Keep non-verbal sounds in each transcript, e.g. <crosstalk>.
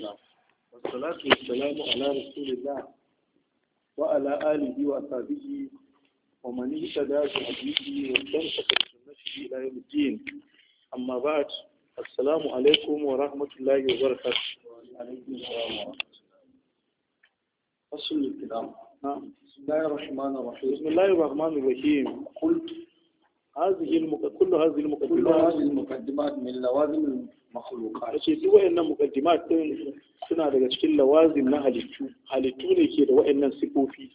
والصلاة والسلام على رسول الله وعلى آله وأصحابه ومن اهتدى بهديه واستمسك بسنته إلى يوم الدين أما بعد السلام عليكم ورحمة الله وبركاته وعليكم السلام ورحمة الله فصل الكلام نعم بسم الله الرحمن الرحيم بسم الله الرحمن الرحيم قلت هذه المقدمات كل هذه المقدمات كل هذه المقدمات من لوازم المخلوقات ce duk wayannan suna daga cikin lawazim na halittu halittu ne ke da wayannan sifofi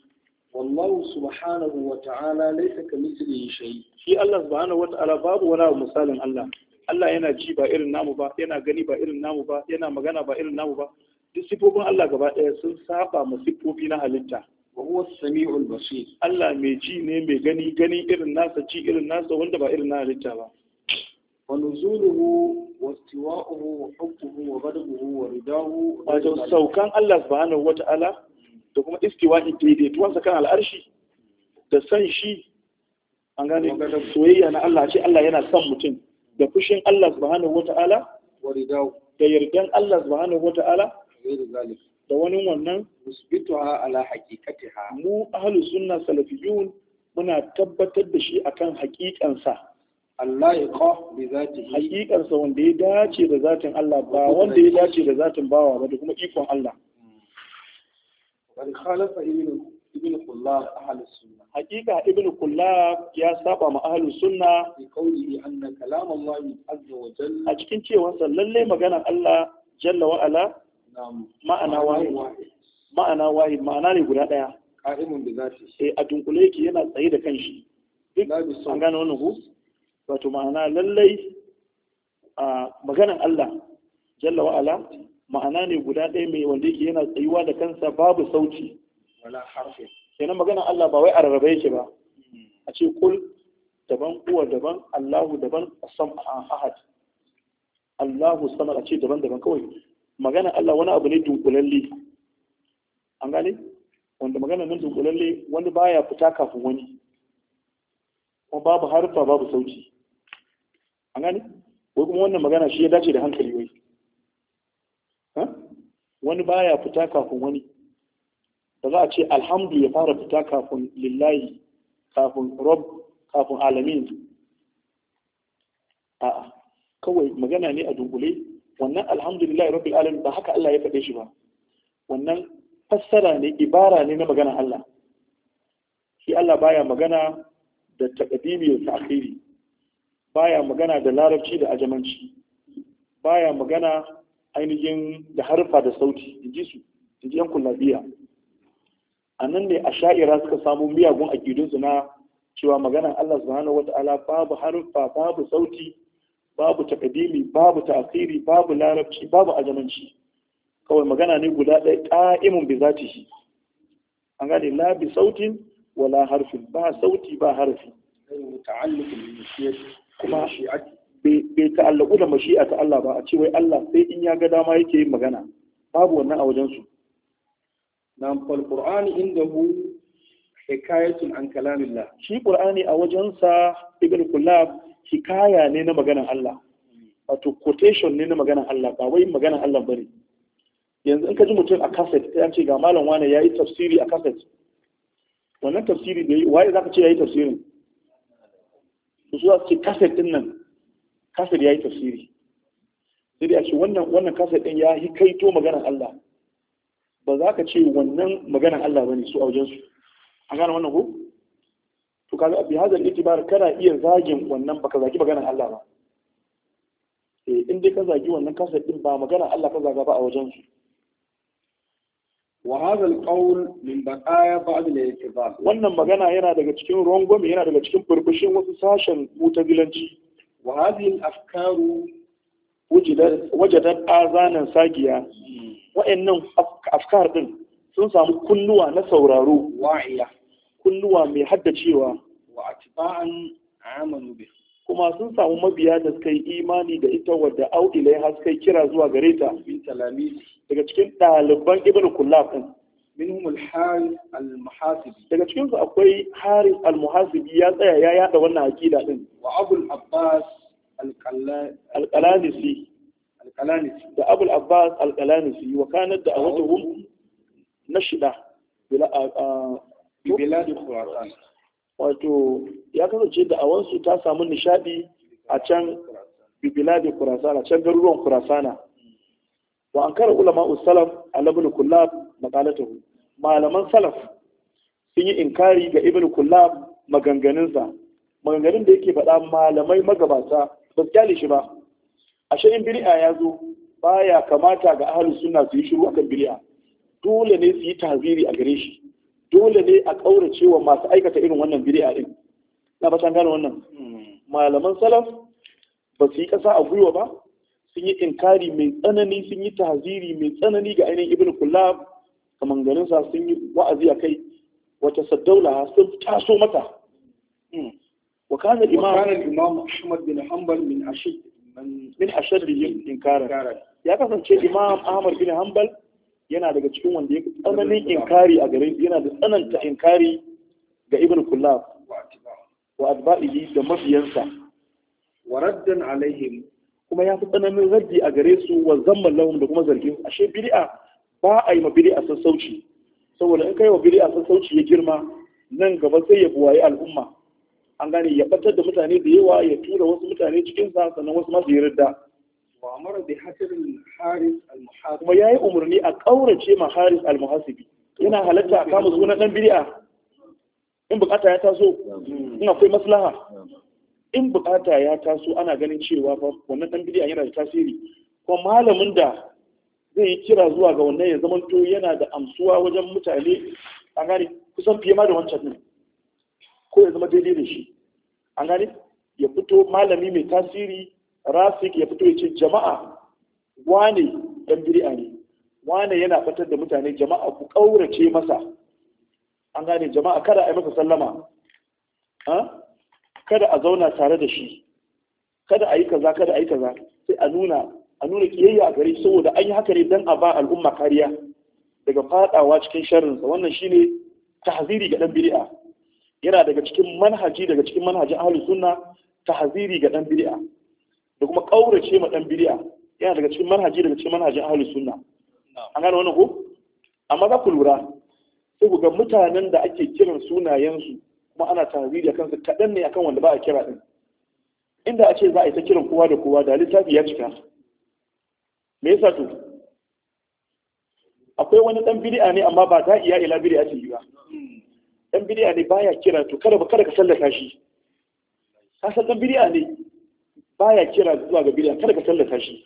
wallahu subhanahu wa ta'ala laysa kamithlihi shay shi Allah subhanahu wa ta'ala babu wani abu misalin Allah Allah yana ji ba irin namu ba yana gani ba irin namu ba yana magana ba irin namu ba duk sifofin Allah gaba ɗaya sun safa ma sifofi na halitta wa huwa samiul basir Allah mai ji ne mai gani gani irin nasa ci irin nasa wanda ba irin na halitta ba wa nuzuluhu wa istiwa'uhu wa hukmuhu wa ghadabuhu wa ridahu wato saukan Allah subhanahu wata'ala da kuma istiwa'i daidaituwan sa kan al'arshi da san shi an gane soyayya na Allah ce Allah yana son mutum da fushin Allah subhanahu wata'ala wa ridahu da yardan Allah subhanahu wata'ala da wani wannan musbituha ala haqiqatiha mu ahlus sunna salafiyun muna tabbatar da shi akan haƙiƙansa Allah ya bi wanda ya dace da zatin Allah ba wanda ya dace da zatin bawa ba da kuma ikon Allah hmm. wal khalafa kullab sunna haƙiƙa ibn kullab ya saba ma ahli sunna bi anna kalam Allah azza wa jalla a cikin cewa lalle maganar Allah jalla wa ala ma'ana waye ma'ana ma'ana ne guda daya qa'imun bi zati eh a dunkule yake yana tsaye da kanshi an gane wannan ku wato ma'ana lallai a maganan Allah jalla wa ala ma'ana ne guda ɗaya mai wanda yake yana tsayuwa da kansa babu sauti wala harfi kenan maganan Allah ba wai a rarrabe yake ba a ce kul daban uwa daban Allahu daban asam ahad Allahu samad a ce daban daban kawai magana Allah wani abu ne dunkulalle an gane wanda magana nan dunkulalle wani baya fita kafin wani kuma babu harfa babu sauti an gane wai kuma wannan magana shi ya dace da hankali wai wani baya fita kafin wani da za a ce alhamdu ya fara fita kafin lillahi kafin rob kafin alamin a'a kawai magana ne a dunkule wannan alhamdulillahi rabbil alamin ba haka Allah ya faɗe shi ba wannan fassara ne ibara ne na magana Allah shi Allah baya magana da taqdimi da ta'khiri baya magana da larabci da ajamanci baya magana ainihin da harfa da sauti inji su inji yan kullabiya a nan ne a sha'ira suka samu miyagun aƙidunsu na cewa maganar Allah subhanahu wata'ala babu harfa babu sauti babu takadimi babu ta'khiri babu larabci babu ajamanci kawai magana ne guda ɗaya qa'imun bi shi? an gane la bi sautin wala harfin ba sauti ba harfi kuma bai ta'allaku da mashi'a ta Allah ba a ce wai Allah sai in ya ga dama yake yin magana babu wannan a wajensu nan fal qur'ani indahu hikayatun an kalamillah shi qur'ani a wajensa ibn kullab hikaya ne na maganar Allah wato quotation ne na maganar Allah ba wai maganar Allah bane yanzu in ka ji mutum a cassette ya ce ga malam wane ya yi tafsiri a cassette wannan tafsiri da yi waye za ka ce ya yi tafsirin su za su ce cassette din nan cassette ya yi tafsiri sai ya ce wannan wannan cassette din ya yi kaito maganar Allah ba za ka ce wannan maganar Allah bane su a wajensu A gane wannan ko kaga bi hadal itibar kana iya zagin wannan baka zagi maganar Allah ba eh in dai ka zagi wannan kasar din ba maganar Allah ka zaga ba a wajen su wa hadha alqawl min baqaya ba'd al-i'tizal wannan magana yana daga cikin rongwami yana daga cikin burbushin wasu sashen mutazilanci wa hadhihi al-afkaru wujidat wajadat azanan sagiya wa'annan afkar din sun samu kunnuwa na sauraro wa'iya kunnuwa mai haddacewa wa atba'an amanu bi kuma sun samu mabiya da suka yi imani da ita wadda au ilai har suka kira zuwa gare ta min talamisi daga cikin ɗaliban ibn kullaf din minhum al-harith al-muhasibi daga cikin su akwai harith al-muhasibi ya tsaya ya yada wannan aqida din wa abul abbas al-qalanisi al-qalanisi da abul abbas al-qalanisi wa kanat da'awatuhum nashida bila bilad khurasan wato ya kasance da awansu ta samu nishadi a can bibiladi kurasana can garuruwan kurasana wa an kara ulama salaf alabul kullab maqalatahu malaman salaf sun yi inkari ga ibn kullab maganganunsa maganganun da yake faɗa malamai magabata ba su kyale shi ba A in biri'a ya zo baya kamata ga ahalin suna su yi shiru akan biri'a dole ne su yi tahziri a gare shi dole ne a ƙaurace cewa masu aikata irin wannan bid'a din na ba san gane wannan malaman salaf ba su yi ƙasa a gwiwa ba sun yi inkari mai tsanani sun yi tahziri mai tsanani ga ainihin ibn kullab kaman garin sa sun yi wa'azi a kai wata saddaula sun taso mata hmm. wa kana imam ahmad bin hanbal min ashid min ashadrihim inkara ya kasance imam ahmad bin hanbal yana daga cikin wanda ya tsananin inkari a gare yana da tsananta inkari ga ibn kullab wa atba'ihi da mafiyansa, wa raddan alaihim kuma ya fi tsananin raddi a gare su wa zamman lahum da kuma zargin ashe bid'a ba a yi ma bid'a sassauci saboda in kai wa bid'a sassauci ya girma nan gaba sai ya buwaye al'umma an gane ya batar da mutane da yawa ya tura wasu mutane cikin sa sannan wasu masu yi wa amara bi hasirin haris al-muhasibi kuma yayi umarni a kaurace ma haris al-muhasibi yana halatta a kama sunan dan bid'a in bukata ya taso in akwai maslaha in bukata ya taso ana ganin cewa fa wannan dan bid'a yana da tasiri kuma malamin da zai yi kira zuwa ga wannan ya zamanto yana da amsuwa wajen mutane an gane kusan fiye ma da wancan din ko ya zama daidai da shi an gane ya fito malami mai tasiri Rafik ya fito ya ce jama'a wane dan bid'a ne wane yana fitar da mutane jama'a ku kaurace masa an gane jama'a kada a yi masa sallama kada a zauna tare da shi kada a yi kaza kada a yi kaza sai a nuna a nuna kiyayya a gari saboda an yi haka ne dan a ba al'umma kariya daga fadawa cikin sharrinsa wannan shine tahziri ga dan bid'a yana daga cikin manhaji daga cikin manhajin ahlus sunna tahziri ga dan bid'a da kuma kaurace ma dan bid'a yana daga cikin manhaji daga cikin manhajin ahlus sunna an gane wannan ko amma za ku lura sai ku ga mutanen da ake kiran sunayensu kuma ana tarihi a kansu kaɗan ne akan wanda ba a kira din. inda a ce za a yi ta kiran kowa da kowa da littafi ya cika me yasa to akwai wani ɗan bid'a ne amma ba ta iya ila bid'a ce ba dan bid'a ne baya kira to kada ba kada ka sallaka shi ka san dan bid'a ne baya kira zuwa ga bid'a kada ka tallata shi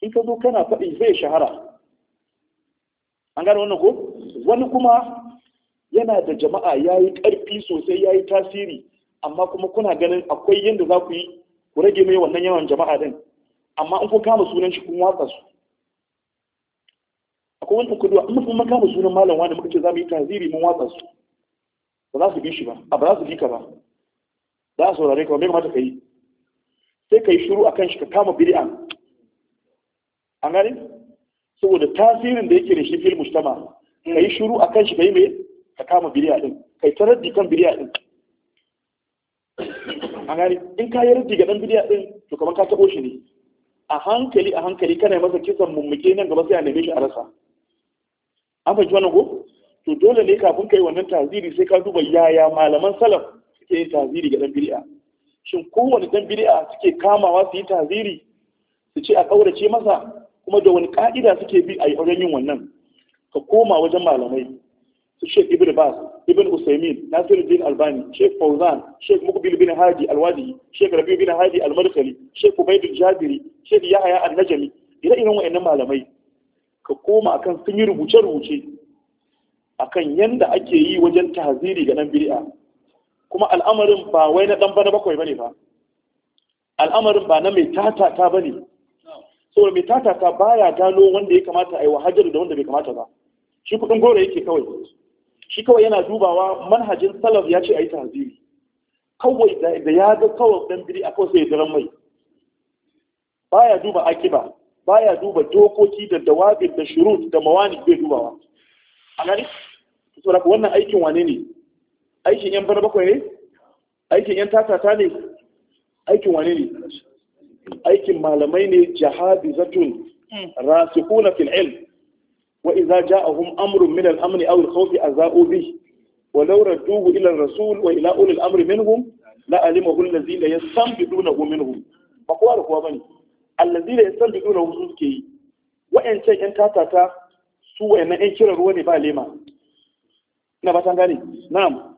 in ka zo kana faɗi zai shahara an gane wannan ko wani kuma yana da jama'a ya yi ƙarfi sosai ya yi tasiri amma kuma kuna ganin akwai yadda za ku yi ku rage mai wannan yawan jama'a din amma in ku kama sunan shi kun watsa su akwai wani kudu in mutum kama sunan malam wani muka ce za mu yi tasiri mun watsa su ba za su bi shi ba ba za su bi ka ba za a saurare ka ba mai kamata ka yi sai ka yi shuru a kan shi ka kama bid'an an gani saboda tasirin da yake da shi fil mujtama ka yi shuru a kan shi ka yi mai ka kama bid'a din yi ta raddi kan bid'a din an gani in ka yi raddi ga dan bid'a din to kamar ka taɓo shi ne a hankali a hankali kana masa kisan mummuke nan gaba sai a neme shi a rasa an fahimci wannan ko to dole ne kafin ka yi wannan taziri sai ka duba yaya malaman salaf suke yin taziri ga dan bid'a shin kowane dan bid'a suke kamawa su yi taziri su ce a kaurace masa kuma da wani ka'ida suke bi a wajen yin wannan ka koma wajen malamai su shek Ibn Bas Ibn Nasiru Nasiruddin Albani shek Fauzan shek Mukbil bin Hadi Alwadi shek Rabi bin Hadi Almarkali shek ubaidu Jabiri shek Yahaya An-Najmi ire iren wayannan malamai ka koma akan sun yi rubuce-rubuce akan yanda ake yi wajen tahziri ga nan bid'a kuma al'amarin ba wai na ɗan bana bakwai bane ba al'amarin ba na mai tatata ne. saboda mai tatata baya gano wanda ya kamata a yi wa hajjar da wanda bai kamata ba shi kuɗin goro yake kawai shi kawai yana dubawa manhajin salaf ya ce a yi tahaziri. kawai da ya ga kawai ɗan biri a kawai sai ya daren mai baya duba akiba baya duba dokoki da dawabin da shirut da mawani bai dubawa a gani saboda wannan aikin wane ne aikin yan bar bakwai ne aikin yan tatata ne aikin wani ne aikin malamai ne jihadi zatun hmm. rasikuna fil ilm wa idza ja'ahum amrun min al-amn aw al-khawf azau bi wa law radduhu ila al rasul wa ila ulil amri minhum la alimahu alladhina yastanbidunahu minhum ba kowa da kowa bane alladhina yastanbidunahu su suke yi wa'ancan yan tatata su wa'annan yan kiran ruwa ne ba lema ina ba tan gane na'am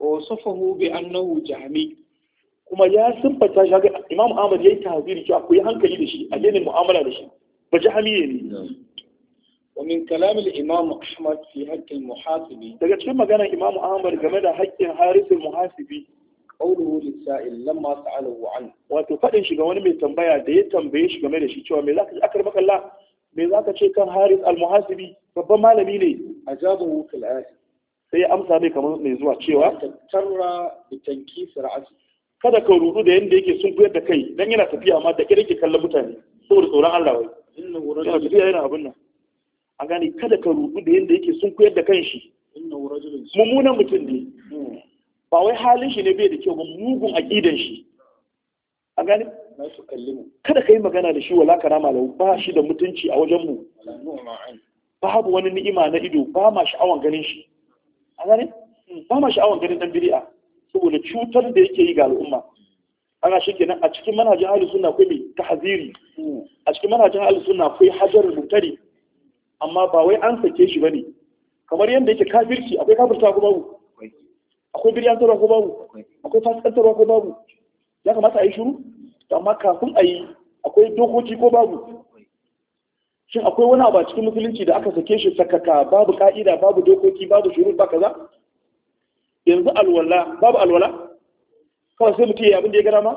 wa wasafahu bi kuma ya sumbata shi haka Imam Ahmad yayi tahziri cewa ku yi hankali da shi a yanin mu'amala da shi ba jahmi ne wa min kalam al-Imam Ahmad fi haqq al-muhasibi daga cikin maganar Imam Ahmad game da haƙƙin Haris al-muhasibi qawluhu lis-sa'il lamma sa'alahu an wato fadin shi ga wani mai tambaya da ya tambaye shi game da shi cewa me zaka ji akar makalla me zaka ce kan Haris al-muhasibi babban malami ne ajabahu fil ayat sai ya amsa mai kamar mai zuwa cewa kada ka rudu da yadda yake sun da kai dan yana tafiya amma da kire ke kallon mutane saboda tsoron Allah wai inna tafiya yana abin nan a gani kada ka rudu da yadda yake sun da kanshi inna wurajul mummunan mutum ne hmm. ba wai halin shi ne bai da kyau ba mugun aqidan shi a gani kada ka yi magana da shi wala karama lahu ba shi da mutunci a wajen mu babu wani ni'ima na ido ba ma sha'awan ganin shi a gane ba ma sha'awar ganin dan bid'a saboda cutar da yake yi ga al'umma ana shi kenan a cikin manhajin ahlus sunna akwai mai tahziri a cikin manhajin ahlus sunna akwai hajar mutari amma ba wai an sake shi bane kamar yadda yake kafirci akwai kafirta ko babu akwai biryantarwa ko babu akwai fasikantarwa ko babu ya kamata a yi shiru amma kafin a yi akwai dokoki ko babu shin akwai wani abu a cikin musulunci da aka sake shi sakaka babu ka'ida babu dokoki babu shuru ba kaza yanzu alwala babu alwala kawai sai mutum ya abin da ya gara ma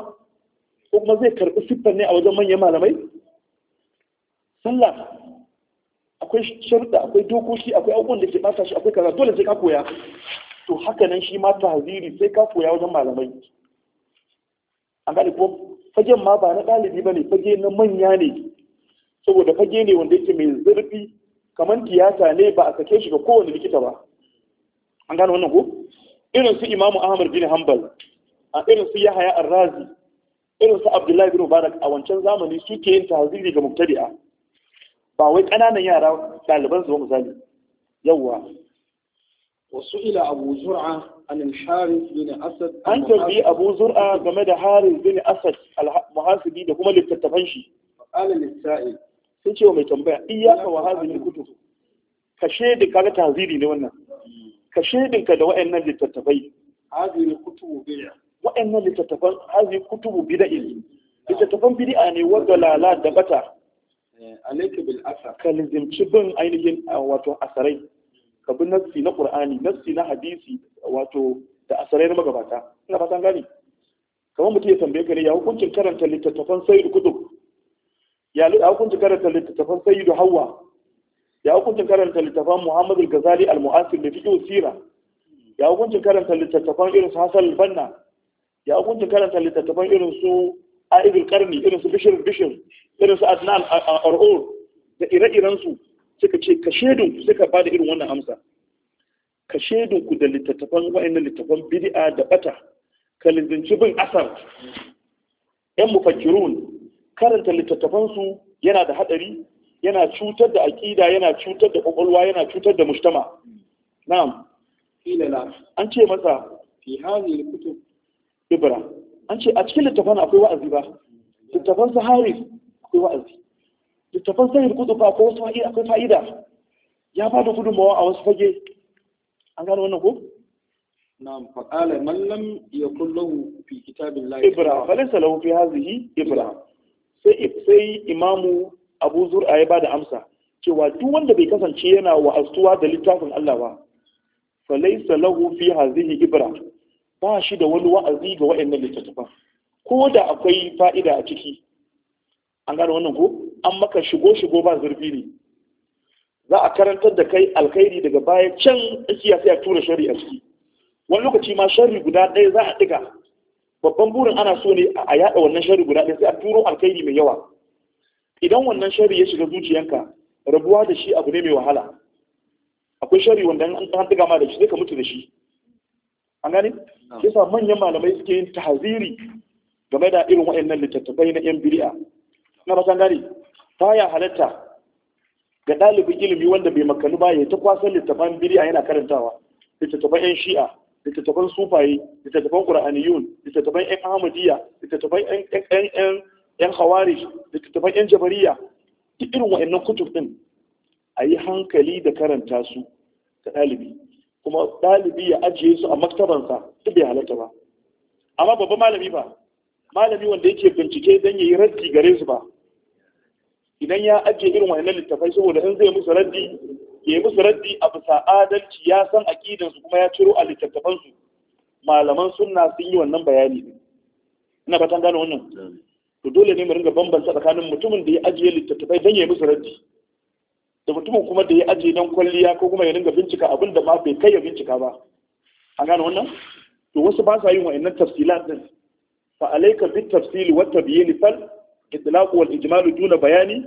ko kuma zai karɓi siffar ne a wajen manyan malamai sallah akwai sharuɗa akwai dokoki akwai abubuwan da ke ɓata shi akwai kaza dole sai ka koya to haka nan shi ma tahziri sai ka koya wajen malamai an gane ko fagen ma ba na ɗalibi ba ne fage na manya ne saboda fage ne wanda yake mai zurfi kamar tiyata ne ba a sake shi ga kowane likita ba an gano wannan ko irin su imamu ahmad bin hanbal a irin su yahaya arrazi irin su abdullahi bin mubarak a wancan zamani suke yin tahziri ga mubtadi'a ba wai ƙananan yara ɗaliban su ba misali yawwa wasu ila abu zur'a an al-harith bin asad an tambayi abu zur'a game da harith bin asad al-muhasibi da kuma littattafan shi qala lis-sa'il sai cewa mai tambaya iyaka wa hazin kutub ka shedin kaga tanziri ne wannan ka shedin ka da wa'annan littattafai hazin kutubu bid'a wa'annan littattafan hazin kutubu bid'a littattafan bid'a ne wanda lala da bata eh, alayka bil asar ka lizimci bin ainihin wato asarai ka bi nassi na qur'ani nassi na hadisi wato da asarai na magabata ina fatan gani kamar mutum ya tambaye ka ne ya hukuncin karanta littattafan sayyid kutub ya hukuncin karanta littattafan sayyidu hawa ya hukuncin karanta littattafan muhammadu gazali al-mu'asir da fiƙi sira ya hukuncin karanta littattafan irin hassan banna ya hukuncin karanta littattafan irin su aibul karni irin su bishir bishir irin su adnan ar'ur da ire-iren su suka ce ka shaidun ku suka ba da irin wannan amsa ka shaidun ku da littattafan wa'annan littattafan bid'a da bata ka lindinci bin asar yan mufakkirun karanta littattafansu yana da haɗari yana cutar da aƙida yana cutar da ƙwaƙwalwa yana cutar da mujtama na'am an ce masa fi hadhihi kutub ibra an ce a cikin littafan akwai wa'azi ba littafan sahari akwai wa'azi littafan sahih kutub akwai wasu akwai fa'ida ya ba da gudunmawa a wasu fage an gano wannan ko نعم فقال من لم يكن له في كتاب الله إبرة فليس له في هذه إبرة sai imamu abu zur'a ya bada amsa cewa duk wanda bai kasance yana asuwa da littafin Allah ba fa laysa lahu fi hadhihi ibra ba shi da wani wa'azi ga wa'annan littattafan ko da akwai fa'ida a ciki an gane wannan ko an maka shigo shigo ba zurfi ne za a karantar da kai alkhairi daga baya can tsakiya sai a tura shari'a ciki wani lokaci ma shari guda ɗaya za a ɗiga babban burin ana so ne a yada wannan shari guda ɗaya sai a turo alkhairi mai yawa idan wannan shari ya shiga zuciyanka rabuwa da shi abu ne mai wahala akwai shari wanda an an tuga ma da shi sai ka mutu da shi an gane yasa manyan malamai suke yin tahaziri game da irin wayannan littattafai na yan biri'a na ba san gane baya halatta ga ɗalibin ilimi wanda bai makanu ba ya ta kwasan littattafan biria yana karantawa littattafan yan shi'a littattafan sufaye littattafan ƙura'aniyun, littattafan ƴan ahmadiyya littattafan yan yan yan hawari littattafan ƴan jabariya duk irin wa'annan kutub din a yi hankali da karanta su ga ɗalibi kuma ɗalibi ya ajiye su a maktabansa duk bai halatta ba amma babban malami ba malami wanda yake bincike don ya yi raddi gare su ba idan ya ajiye irin wa'annan littattafai saboda in zai musu raddi ya musu raddi a bisa adalci ya san aƙidansu kuma ya ciro a littattafansu malaman suna sun yi wannan bayani ne ina fatan gane wannan to dole ne mu ringa bambanta tsakanin mutumin da ya ajiye littattafai don ya musu raddi da mutumin kuma da ya ajiye don kwalliya ko kuma ya ringa bincika abin da ma bai kai ya bincika ba an gane wannan to wasu ba sa yin wa'annan tafsilat din fa alayka bit tafsil wa tabyin fal idlaq wal ijmal duna bayani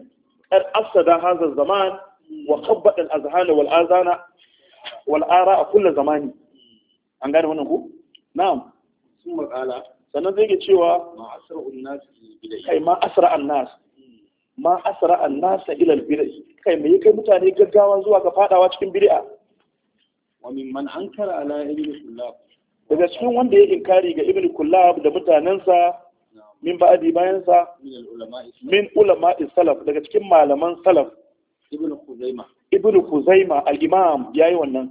qad afsada hadha zaman wa kabbaɗa al'azhana wal azana a kulla zamani an gane wannan ku na'am sannan zai ke cewa ma asra annas kai ma asra annas kai me kai mutane gaggawa zuwa ga fadawa cikin bid'a wa mimman ankara ala ibn kullab daga cikin wanda ya inkari ga ibn kullab da mutanensa min ba'adi bayansa min ulama salaf daga cikin malaman salaf ibn Khuzaima ibn Khuzaima al-Imam yayi wannan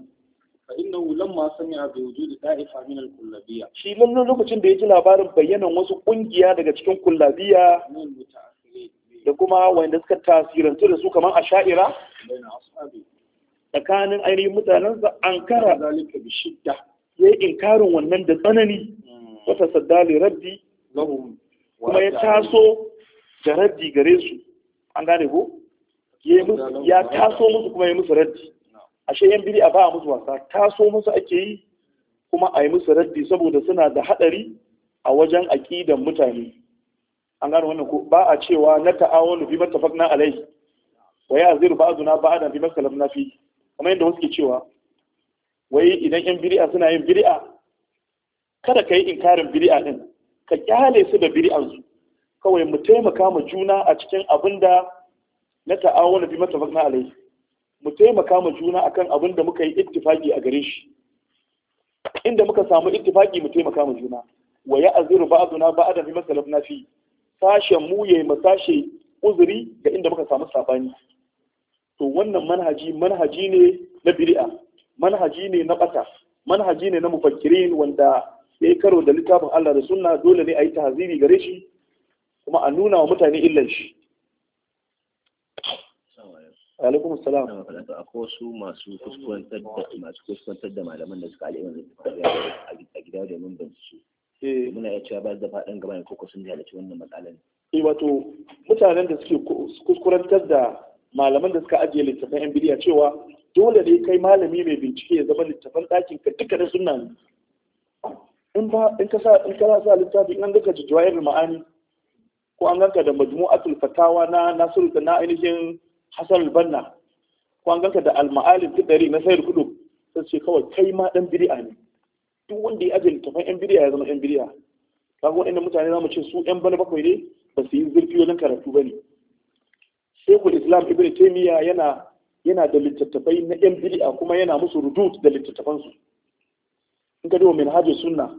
fa innahu lamma sami'a bi wujudi da'ifa min al-kullabiyya shi lallan lokacin da ya ji labarin bayyanan wasu kungiya daga cikin kullabiyya da kuma wanda suka tasirantu da su kamar asha'ira tsakanin ainihin mutanensa an kara zalika bi shidda yayi inkarin wannan da tsanani hmm. wata saddali raddi kuma ya taso da raddi gare su an gane ko ya taso musu kuma ya musu raddi ashe yan a ba musu wasa taso musu ake yi kuma a yi musu raddi saboda suna da hadari a wajen aqidan mutane an gano wannan ko ba a cewa na ta'awunu bi mattafaqna alai wa ya'ziru ba'duna ba'da bi masalafna fi kuma yadda wasu ke cewa wai idan yan biri'a suna yin biri'a kada ka yi inkarin biri'a din ka kyale su da bid'an su kawai mu taimaka mu juna a cikin abin da na ta'awuna bi matafaqna alayhi mu taimaka ma juna akan abin da muka yi ittifaqi a gare shi inda muka samu ittifaqi mu taimaka ma juna wa ya'ziru ba'duna ba'da bi masalafna fi sashen mu yayi masashe uzuri ga inda muka samu sabani to wannan manhaji manhaji ne na bid'a manhaji ne na bata manhaji ne na mufakkirin wanda yayi karo da littafin Allah da sunna dole ne a yi tahziri gare shi kuma a nuna wa mutane illan shi alaikum salam na makaranta su wasu masu kuskurantar da masu kuskurantar da malaman da suka al'imar a gida da da bincike eh. muna ya cewa ba da faɗin gaba ne koko sun halarci wannan matsalar eh wato mutanen da suke kuskurantar da malaman da suka ajiye littafin yan bidiya cewa dole ne kai malami mai bincike ya zama littafin ɗakin ka da suna ne in ba in ka sa in ka sa littafin an duka jijiyoyin ma'ani ko an ganka da majmu'atul fatawa na nasiru na ainihin hasan Banna, ko an ganka da alma'alin fitari na sayar kudu sai ce kawai kai ma dan bid'a ne duk wanda ya ajiye littafin yan bid'a ya zama yan bid'a kaga wanda mutane zamu ce su yan bana bakwai ne ba su yi zurfi wajen karatu ba ne shekul islam ibn taymiya yana yana da littattafai na yan bid'a kuma yana musu rudud da littattafansu in ka duba minhajus sunna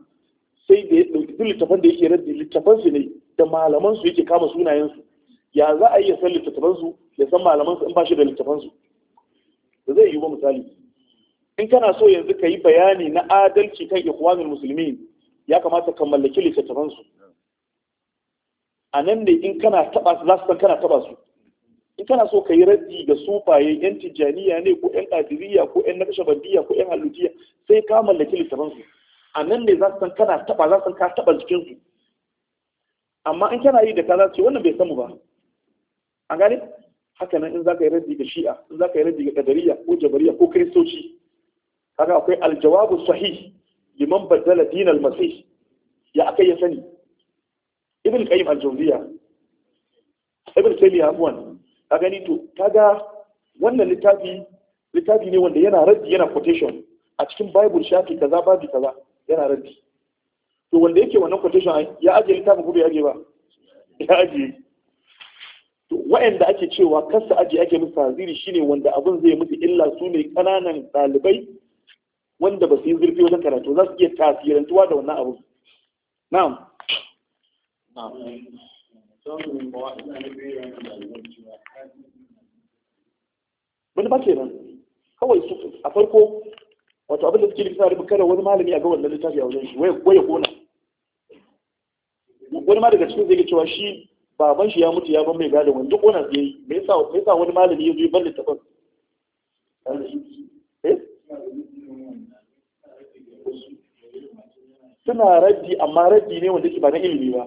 sai da duk littafan da yake raddi littafansu ne da malaman su yake kama sunayensu ya za a iya san littattafansu ya san malamansu in ba shi da littattafansu da zai yi ba misali in kana so yanzu ka yi bayani na adalci kan ikhwanul musulmi ya kamata ka mallaki littattafansu a nan ne in kana taba su za su san kana taba su in kana so ka yi raddi ga sufaye yan tijjaniya ne ko yan qadiriyya ko yan nakashabandiyya ko yan halutiya sai ka mallaki littafansu a nan ne za su san kana taba za su san ka taba jikinsu amma in kana yi da kaza ce wannan bai samu ba an gane haka nan in ka yi raddi ga shi'a in ka yi raddi ga kadariya ko jabariya ko kristoci kaga akwai aljawabu sahih liman badala din almasih ya akai ya sani ibn qayyim aljawziya, ibn taymiya afwan ka gani to kaga wannan littafi littafi ne wanda yana raddi yana quotation a cikin bible shafi kaza babu kaza yana raddi to wanda yake wannan quotation ya aje littafin ko bai aje ba ya aje to wa'anda ake cewa kasa aji ake musu haziri shine wanda abin zai musu illa su ne ƙananan ɗalibai wanda ba su yi zurfi wajen karatu za su iya tasirantuwa da wannan abu na'am wani ba kenan kawai su a farko wato abin da suke nufi sa kada wani malami a ga wannan littafi a wajen shi waya gona. wani ma daga cikin zai ga cewa shi baban shi ya mutu ya ban mai gadon wani duk wannan yayi me yasa me sa wani malami ya zo ban littafin eh? suna raddi amma raddi ne wanda ke ba na ilimi ba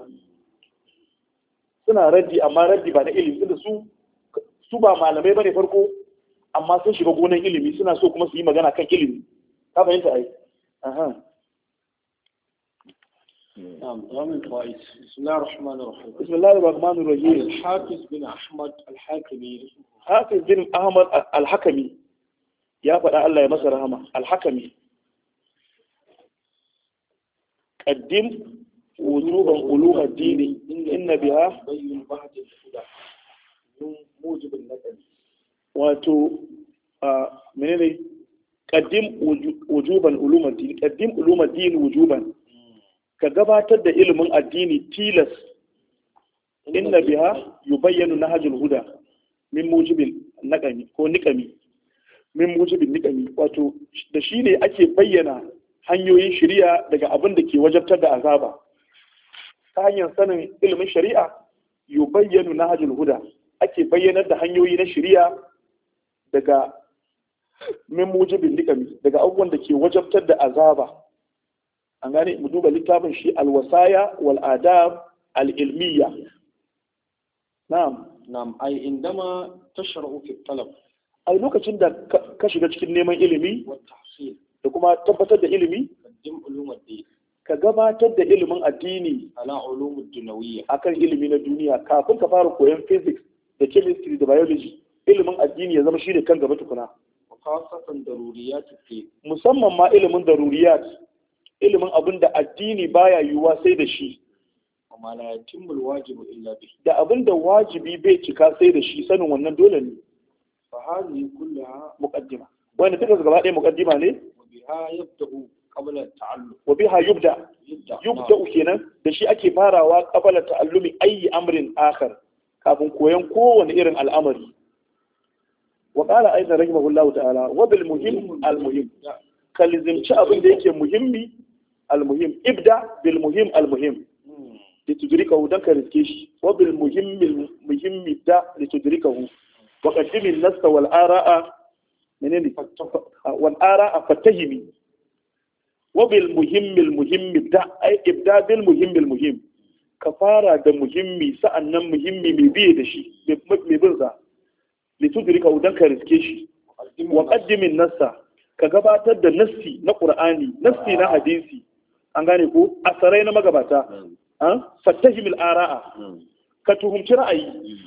suna raddi amma raddi ba na ilimi tunda su su ba malamai bane farko amma sun shiga gonan ilimi suna so kuma su yi magana kan ilimi ka fahimta ai aha نعم بسم الله الرحمن الرحيم بسم الله الرحمن الرحيم الحافظ بن أحمد الحاكمي حافظ بن أحمد الحكمي يا فدا الله يا مسر رحمة الحكمي قدم وجوبا قلوها الدين إن بها بين بعض موجب الندم واتو آه منين قدم وجوبا علوم الدين قدم علوم الدين وجوبا ka gabatar da ilimin addini tilas inna biha yubayyanu nahjul huda min mujibil naqami ko niqami min mujibin niqami wato da shi ne ake bayyana hanyoyin shari'a daga abin da ke wajabtar da azaba ta hanyar sanin ilimin shari'a yubayyanu nahjul huda ake bayyanar da hanyoyi na shari'a daga min mujibin niqami daga abubuwan da ke wajabtar da azaba an gane mu duba littafin shi alwasaya wal adab al ilmiya na'am na'am ai indama tashra'u fi talab ai lokacin da ka shiga cikin neman ilimi da kuma tabbatar da ilimi ka gabatar da ilimin addini akan ilimi na duniya kafin ka fara koyon physics da chemistry da biology ilimin addini ya zama shi ne kan gaba tukuna musamman ma ilimin daruriyat ilimin abin da addini baya yiwuwa sai da shi da abin da wajibi bai cika sai da shi sanin wannan dole ne fa hadhihi kullaha gaba ɗaya muqaddima ne wa biha yubda yubda kenan da shi ake farawa ƙabalar ta'allumi ayyi amrin akhar kafin koyon kowane irin al'amari wa qala aizan rahimahullahu ta'ala wa bil muhim al muhim kalizimci abin da yake muhimmi almuhim ibda bil muhim almuhim hmm. litudrikahu dan ka riske shi wa bil muhim bil muhim ibda litudrikahu wa qaddim an nas fatahimi wa bil muhim bil ay ibda bil muhim ka fara da muhimmi sa'annan muhimmi mai biye da shi mai dan ka riske shi nasa ka gabatar da nassi na ƙur'ani, nassi na hadisi an gane ku? A sarai na magabata hmm. fattahimil ara'a hmm. ka tuhumci ra'ayi hmm.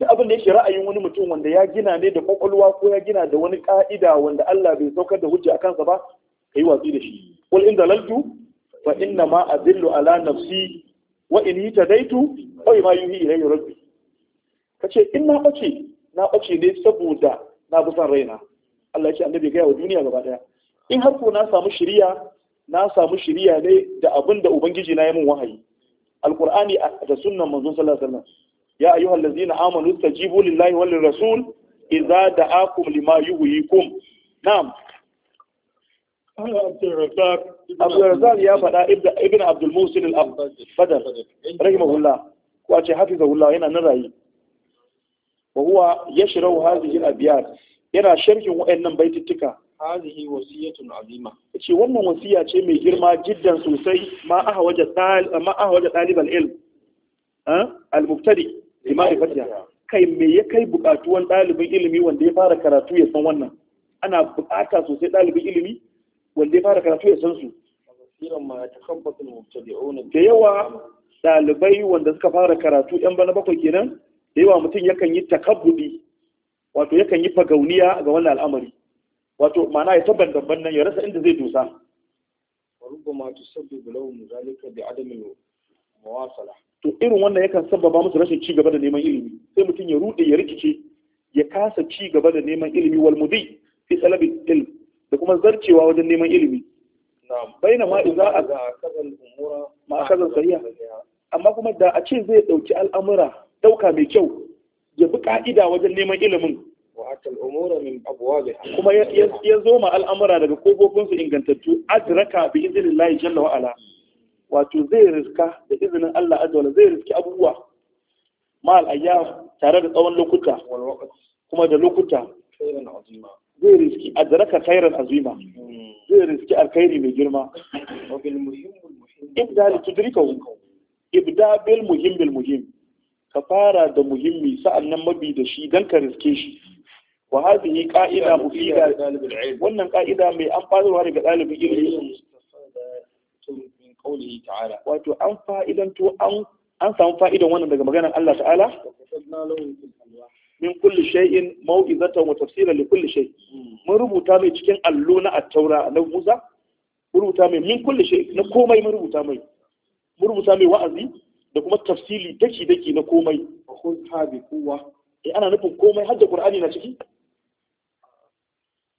da abin da yake ra'ayin wani mutum wanda ya gina ne da kwakwalwa ko ya gina da wani ka'ida wanda Allah bai saukar da hujja a kansa ba ka yi watsi da shi qul in zalaltu fa inna ma azillu ala nafsi wa in hitadaitu fa ma yuhi ilayya rabbi kace in na bace na bace ne saboda na bi son raina Allah ya ce annabi ga wa duniya gaba daya in har ko na samu shiriya na samu shiriya ne da abin da ubangiji na yi min wahayi alqur'ani da sunnan manzon sallallahu alaihi wasallam ya ayyuhal ladzina amanu tajibu lillahi wal rasul idza da'akum lima yuhyikum na'am Abdulrazak ya faɗa Ibn Abdul Musin al-Badr rahimahullah ko a ce hafizahullah yana nan rayi wa huwa yashrau hadhihi al-abyat yana sharhin wa'annan baititika. hadhihi wasiyatun azima ce wannan wasiya ce mai girma jiddan sosai ma aha waje ma aha waje talibal ilm al mubtadi limarifatiha kai me ya kai bukatuwan dalibin ilimi wanda ya fara karatu ya san wannan ana bukata sosai dalibin ilimi wanda ya fara karatu ya san su da yawa dalibai wanda suka fara karatu yan bana bakwai kenan da yawa mutum yakan yi takabbudi wato yakan yi fagauniya ga wannan al'amari wato ma'ana ya tabban dabban nan ya rasa inda zai dosa rubbama tusabbibu lahum zalika da adami muwasala to irin wannan yakan sabbaba musu rashin ci gaba da neman ilimi sai mutum ya rude ya rikice ya kasa ci gaba da neman ilimi wal mudi fi talabi ilm da kuma zarcewa wajen neman ilimi na'am baina ma idza ga kazan umura ma kazan sahiha amma kuma da a ce zai dauki al'amura dauka mai kyau ya bi ka'ida wajen neman ilimin kuma ya zo al'amura daga kofofinsu ingantattu adraka bi izinin layi jalla wa'ala wato zai riska da izinin Allah azawala zai riski abubuwa ma'al ayyam tare da tsawon lokuta kuma lokuta zai riski adraka khairan azima hmm. zai riski alkhairi mai girma ibda li tudrikahu ibda bil muhim muhim ka fara da muhimmi nan mabi da shi dan ka riske shi wa hadhihi qa'ida mufida wannan qa'ida mai amfanarwa daga dalibin ilimi wato an fa'idanto an an samu fa'idan wannan daga maganar Allah ta'ala min kulli shay'in mau'izatan wa tafsiran li kulli shay hmm. mun rubuta mai cikin allo na at-taura na Musa mun rubuta min kulli na komai mun rubuta mai wa'azi da kuma tafsiri daki daki na komai kun ha bi eh ana nufin komai har da Qur'ani na ciki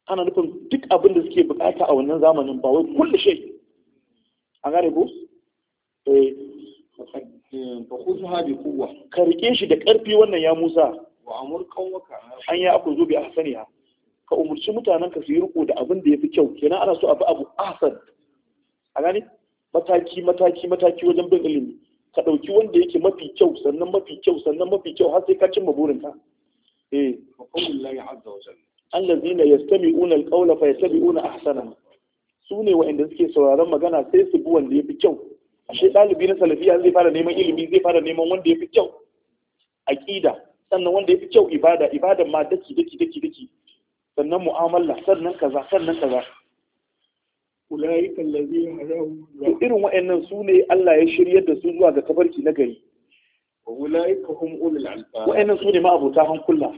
ana nufin duk abin da suke bukata a wannan zamanin ba wai kullu shay an gane ko eh ka rike shi da karfi wannan ya Musa wa amur an ya aku zubi ahsaniha ka umarci mutanen ka su yi riko da abin da fi kyau kenan ana so abu abu ahsan a gane mataki mataki mataki wajen bin ilimi ka dauki wanda yake mafi kyau sannan mafi kyau sannan mafi kyau har sai ka cimma burinka eh fa qawlullahi azza wa jalla allazina yastami'una alqawla fa yastabi'una ahsana su ne wa'anda suke sauraron magana sai su bi wanda yafi kyau ashe dalibi na salafiya zai fara neman ilimi zai fara neman wanda yafi kyau aqida sannan wanda yafi kyau ibada ibadan ma daki daki daki daki sannan mu'amala sannan kaza sannan kaza ulaika allazina hadahu irin wa'annan su ne Allah ya shiryar da su zuwa ga tabarki na gari ulaika hum ulul albab wa'annan su ne ma abota hankula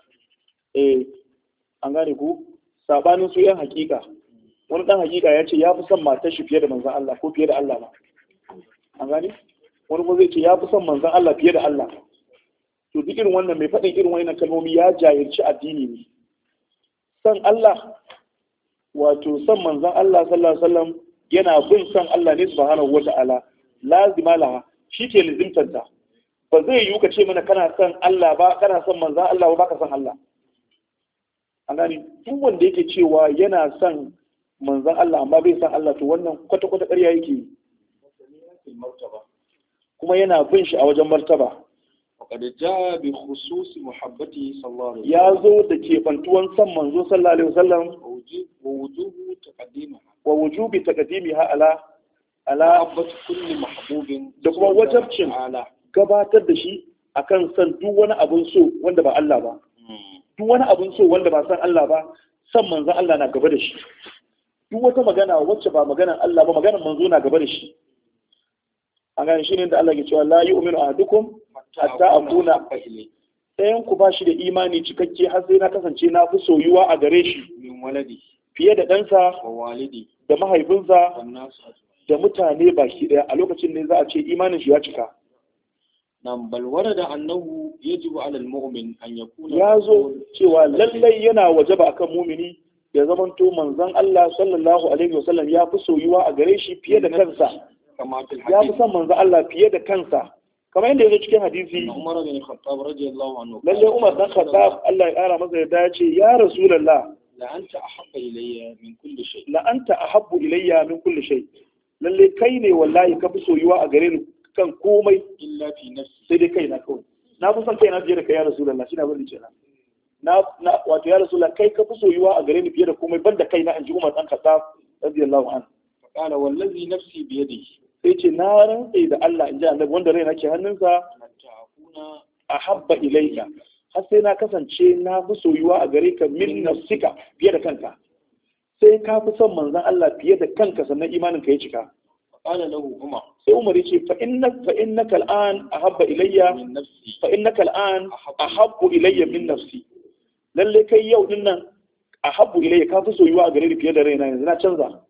eh an gane ku sabanin su yan hakika wani dan hakika ya ce ya fi son matar shi fiye da manzan Allah ko fiye da Allah ba. an gane wani kuma zai ce ya fi son manzan Allah fiye da Allah to duk irin wannan mai faɗin irin wannan kalmomi ya jahilci addini ne san Allah wato san manzan Allah sallallahu alaihi wasallam yana bin san Allah ne subhanahu wata'ala lazima la shi ke lizimtanta ba zai yiwu ka ce mana kana san Allah ba kana son manzan Allah ba ka son Allah an gani duk wanda yake cewa yana son manzan Allah amma bai san Allah to wannan kwata kwata ƙarya yake kuma yana bin shi a wajen martaba وقد جاء بخصوص محبته صلى الله عليه وسلم يا زو da kebantuwan san manzo sallallahu alaihi wasallam wujubu taqdimiha wa wujubi taqdimiha ala ala abbat kulli mahbubin da kuma wajabcin gabatar da shi akan san duk wani abun so wanda ba Allah ba hmm. duk wani abin so wanda ba san Allah ba san manzon Allah na gaba da shi duk wata magana wacce ba maganar Allah ba maganar manzo na gaba da shi an gane shi ne da Allah ke cewa la yu'minu ahadukum hatta akuna ɗayan ku ba shi da imani cikakke har sai na kasance na fi soyuwa a gare shi fiye da ɗansa da mahaifinsa da mutane baki ɗaya a lokacin ne za a ce imanin shi ya cika nan bal warada annahu yajibu ala mumin. an yakuna yazo cewa lallai yana wajaba akan mu'mini ya zamanto manzon Allah sallallahu alaihi wasallam ya fi soyuwa a gare shi fiye da kansa ya fi son manzon Allah fiye da kansa kamar yadda yazo cikin hadisi Umar bin Khattab radiyallahu anhu lalle Umar dan Khattab Allah ya kara masa yadda ya ce ya rasulullah la anta ahabba ilayya min kulli shay la ahabbu ilayya min kulli shay lalle kai ne wallahi ka fi soyuwa a gare ni kan komai illa fi nafsi sai dai kai na kawai na fi son kaina fiye da kai ya rasulullah shi na bari ce na na wato ya rasulullah kai ka fi soyuwa a gare ni fiye da komai banda kai in anji Umar dan Khattab radiyallahu anhu qala wallazi nafsi bi yadihi sai ce na rantsa da Allah in ji Annabi wanda na ke hannunsa a habba ilaika har sai na kasance na fi soyuwa a gare ka min nafsika fiye da kanka sai ka fi son manzon Allah fiye da kanka sannan imanin ka ya cika qala lahu Umar sai Umar ya ce fa innaka a ahabba ilayya fa ahabbu ilayya min nafsi lalle kai yau din nan ahabbu ilayya ka fi soyuwa a gare ni fiye da raina yanzu na canza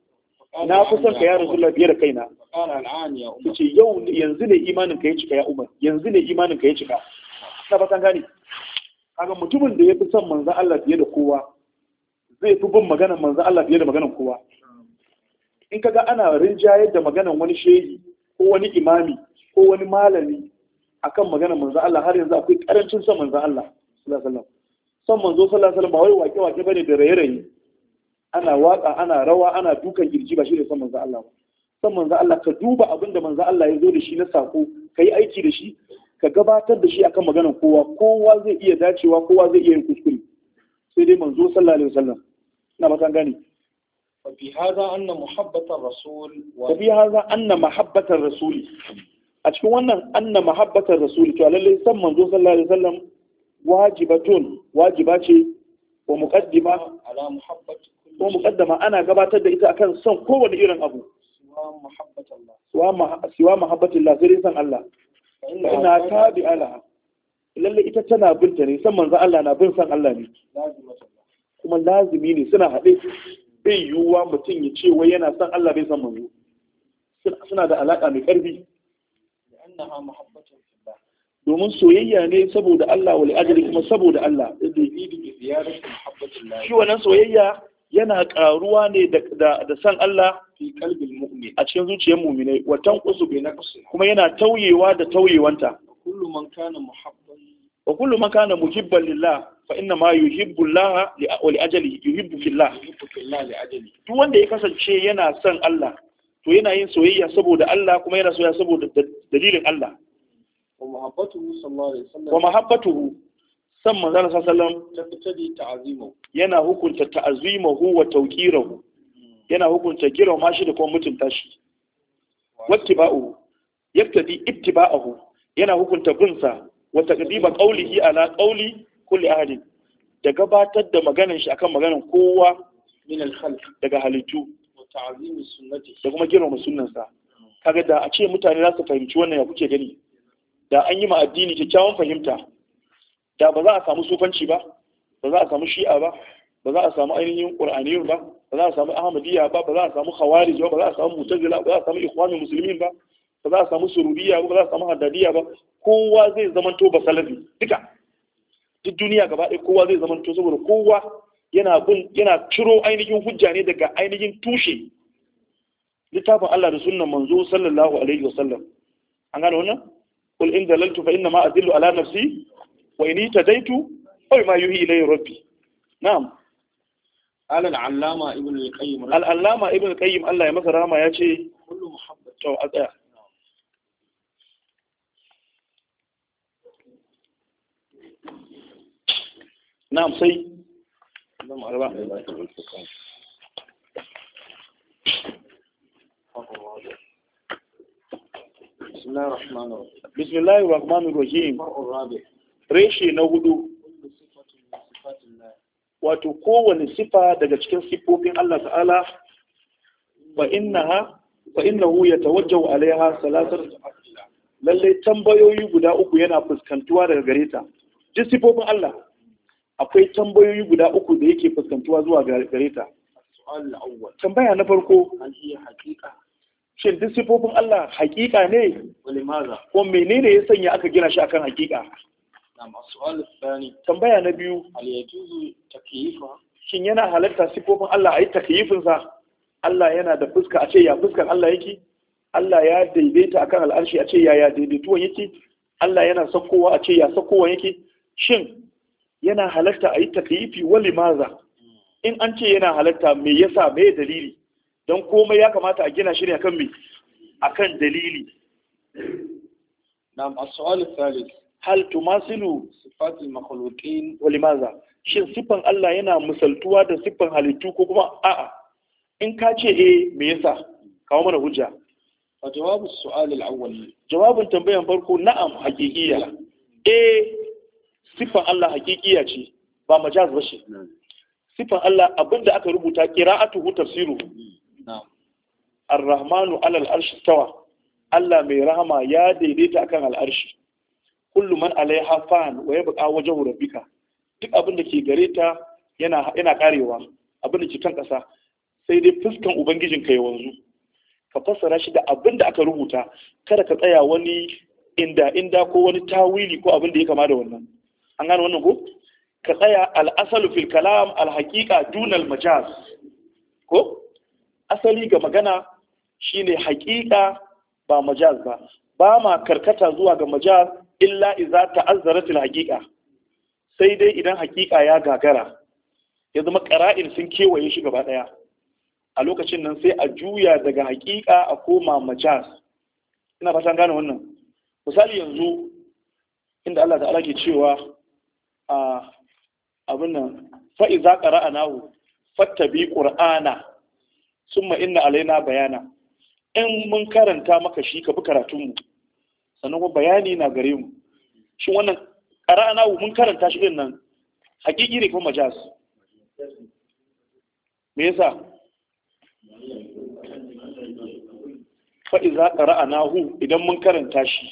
na fi son ka ya rasulullah fiye da kaina ce yau yanzu ne imanin ka ya cika ya Umar yanzu ne imanin ka ya cika na fatan gane kaga mutumin da ya fi son manzon Allah fiye da kowa zai fi bin maganar manzon Allah fiye da maganar kowa in kaga ana rinjayar da maganar wani shehi ko wani imami ko wani malami akan magana manzo Allah har yanzu akwai karancin son manzo Allah sallallahu alaihi wasallam son manzo sallallahu alaihi wasallam ba wai wake wake bane da raye-raye ana waka ana rawa ana dukan girji ba shi ne son manzo Allah son manzo Allah ka duba abinda manzo Allah ya zo da shi na sako ka yi aiki da shi ka gabatar da shi akan maganar kowa kowa zai iya dacewa kowa zai iya yin kuskure sai dai manzo sallallahu alaihi wasallam ina matan gani. ففي هذا أن محبة الرسول وفي هذا أن محبة الرسول أشكو wannan أن محبة الرسول to lallai, san manzo sallallahu alaihi wasallam wajibatun wajiba ce wa muqaddima ala muhabbati ko muqaddama ana gabatar da ita akan son kowanne irin abu siwa mahabbatillah sai san Allah ina tabi ala lalle ita tana binta ne san manzo Allah na bin san Allah ne kuma lazimi ne suna haɗe bai yiwuwa mutum ya ce wai yana son Allah bai san manzo suna da alaƙa mai ƙarfi domin soyayya ne saboda Allah wa li'ajali kuma saboda Allah shi wannan soyayya yana ƙaruwa ne da san Allah a cikin zuciyar mu'minai watan qusu kuma yana tauyewa da tauyewanta wa kullu man kana muhibban lillah fa ma yi Allah wa wali ajali yuhibbu duk wanda ya kasance yana son Allah to yana yin soyayya saboda Allah kuma yana soyayya saboda dalilin Allah wa mahabbatuhu san manzana sallam yana hukunta ta'azimahu wa tawqirahu yana hukunta ma shi da kuma mutunta shi wattiba'u yaktadi ittiba'ahu yana hukunta binsa wa taqdiba qawlihi ala qawli kulli ahadin da gabatar da maganar shi akan maganar kowa min al-khalq daga halittu ta'zim sunnati da kuma sunnan sa kaga da a ce mutane za su fahimci wannan ya kuke gani da an yi ma addini kyakkyawan fahimta da ba za a samu sufanci ba ba za a samu shi'a ba ba za a samu ainihin qur'ani ba ba za a samu ahmadiyya ba ba za a samu khawarij ba ba za a samu mu'tazila ba za a samu ikhwanul muslimin ba ba za a samu sururiya ba ba za a samu haddadiya ba kowa zai zamanto basalafi duka duk duniya gaba ɗaya kowa zai zama to saboda kowa yana bin yana ciro ainihin hujja ne daga ainihin tushe littafin Allah da sunnan manzo sallallahu alaihi wasallam an gane wannan qul in dalaltu fa inna ma adillu ala nafsi wa in tadaitu fa ma yuhi ilayya rabbi na'am قال العلامة ابن القيم العلامة ابن القيم الله يمسر ما يا شيء كل محبة na'am sai بسم الله الرحمن الرحيم reshe na hudu wato kowane sifa daga cikin sifofin Allah ta'ala fa innaha fa innahu yatawajjahu alaiha salasar lalle tambayoyi guda uku yana fuskantuwa daga gareta ta duk siffofin Allah akwai tambayoyi guda uku da yake fuskantuwa zuwa gare ta tambaya na farko shin duk sifofin Allah hakika ne ko menene ya sanya aka gina shi akan hakika tambaya na biyu shin yana halatta sifofin Allah a yi takyifinsa Allah yana da fuska a ce ya fuskan Allah yake Allah ya daidaita akan al'arshi a ce ya ya daidaituwan yake Allah yana sakkowa a ce ya sakkowa yake shin yana halatta a yi tafiyifi wali maza in an ce yana halatta me yasa mai dalili don komai ya kamata a gina shi ne akan me akan dalili na as-su'al thalith hal tumasilu sifatil makhluqin wa limaza shin siffan Allah yana musaltuwa da siffan halittu ko kuma a'a in ka ce eh me yasa kawo mana hujja a jawabu su'al al-awwal jawabin tambayan farko na'am hakikiya. eh siffan Allah hakikiya ce ba majaz ba shi Sifan Allah abinda aka rubuta qira'atuhu tafsiru ar-rahmanu alal arshi tawa Allah mai rahama ya daidaita akan al'arshi kullu man alaiha fan wa yabqa wajhu rabbika duk abinda ke gare ta yana yana karewa abinda ke kan kasa sai dai fuskan ubangijin ka wanzu ka fassara shi da abinda aka rubuta kada ka tsaya wani inda inda ko wani tawili ko abinda ya kama da wannan an gano wannan ko ka tsaya al'asalu fil kalam al dunal majaz ko asali ga magana shine haƙiƙa ba majaz ba ba ma karkata zuwa ga majaz illa iza ta'azzaratil haƙiƙa sai dai idan haƙiƙa ya gagara ya zama ƙara'in sun kewaye shi gaba ɗaya a lokacin nan sai a juya daga haƙiƙa a koma majaz ina fatan gane wannan misali yanzu inda Allah ta'ala ke cewa abin nan fa'iza Nahu, fattabi ƙur'ana sun inna alaina bayana in mun karanta maka shi ka bi karatunmu sannan kuma bayani na gare mu shi wannan Nahu mun karanta shi ɗin nan haƙiƙi ne kuma majas me yasa fa'iza Nahu, idan mun karanta shi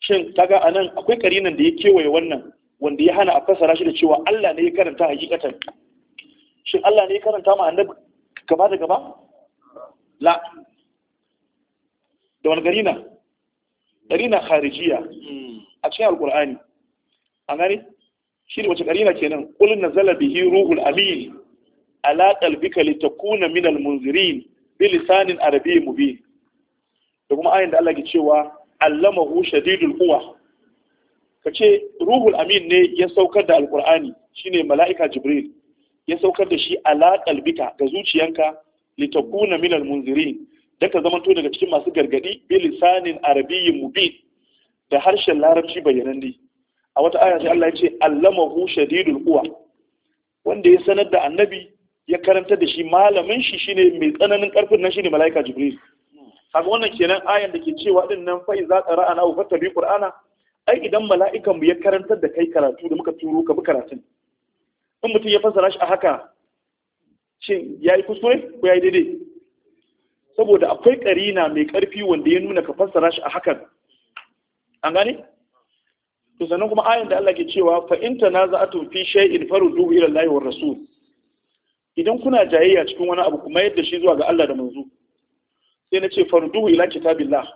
shin ta a anan akwai ƙarinan da ya kewaye wannan wanda ya hana a fassara shi da cewa Allah ne ya karanta hakikatan shin Allah ne ya karanta ma annabi gaba da gaba la da wani garina garina kharijiya a cikin alqur'ani an gani shi ne wace garina kenan qul nazala bihi ruhul amin ala qalbika litakuna min almunzirin bi lisanin arabiyyin mubin da kuma ayin da Allah ke cewa allamahu shadidul quwa ka ce ruhul amin ne ya saukar da alkur'ani shine mala'ika jibril ya saukar da shi ala qalbika ga zuciyanka litakuna minal munzirin da ka zama zamanto daga cikin masu gargadi bi lisanin arabiyyin mubin da harshen larabci ne a wata aya sai Allah ya ce allamahu shadidul quwa wanda ya sanar da annabi ya karanta da shi malamin shi shine mai tsananin karfin nan shine malaika jibril kaga wannan kenan ayan da ke cewa din nan fa iza qara'ana wa fatabi qur'ana ai idan mala'ikan mu ya karantar da kai karatu da muka turo ka bi karatun in mutum ya fassara shi a haka shin ya yi kuskure ko ya yi daidai saboda akwai karina mai karfi wanda ya nuna ka fassara shi a hakan an gane to sannan kuma ayan da Allah ke cewa fa in a fi shay'in farudduhu ila Allah wa rasul idan kuna jayayya cikin wani abu kuma yadda shi zuwa ga Allah da manzo sai na ce farudduhu ila kitabillah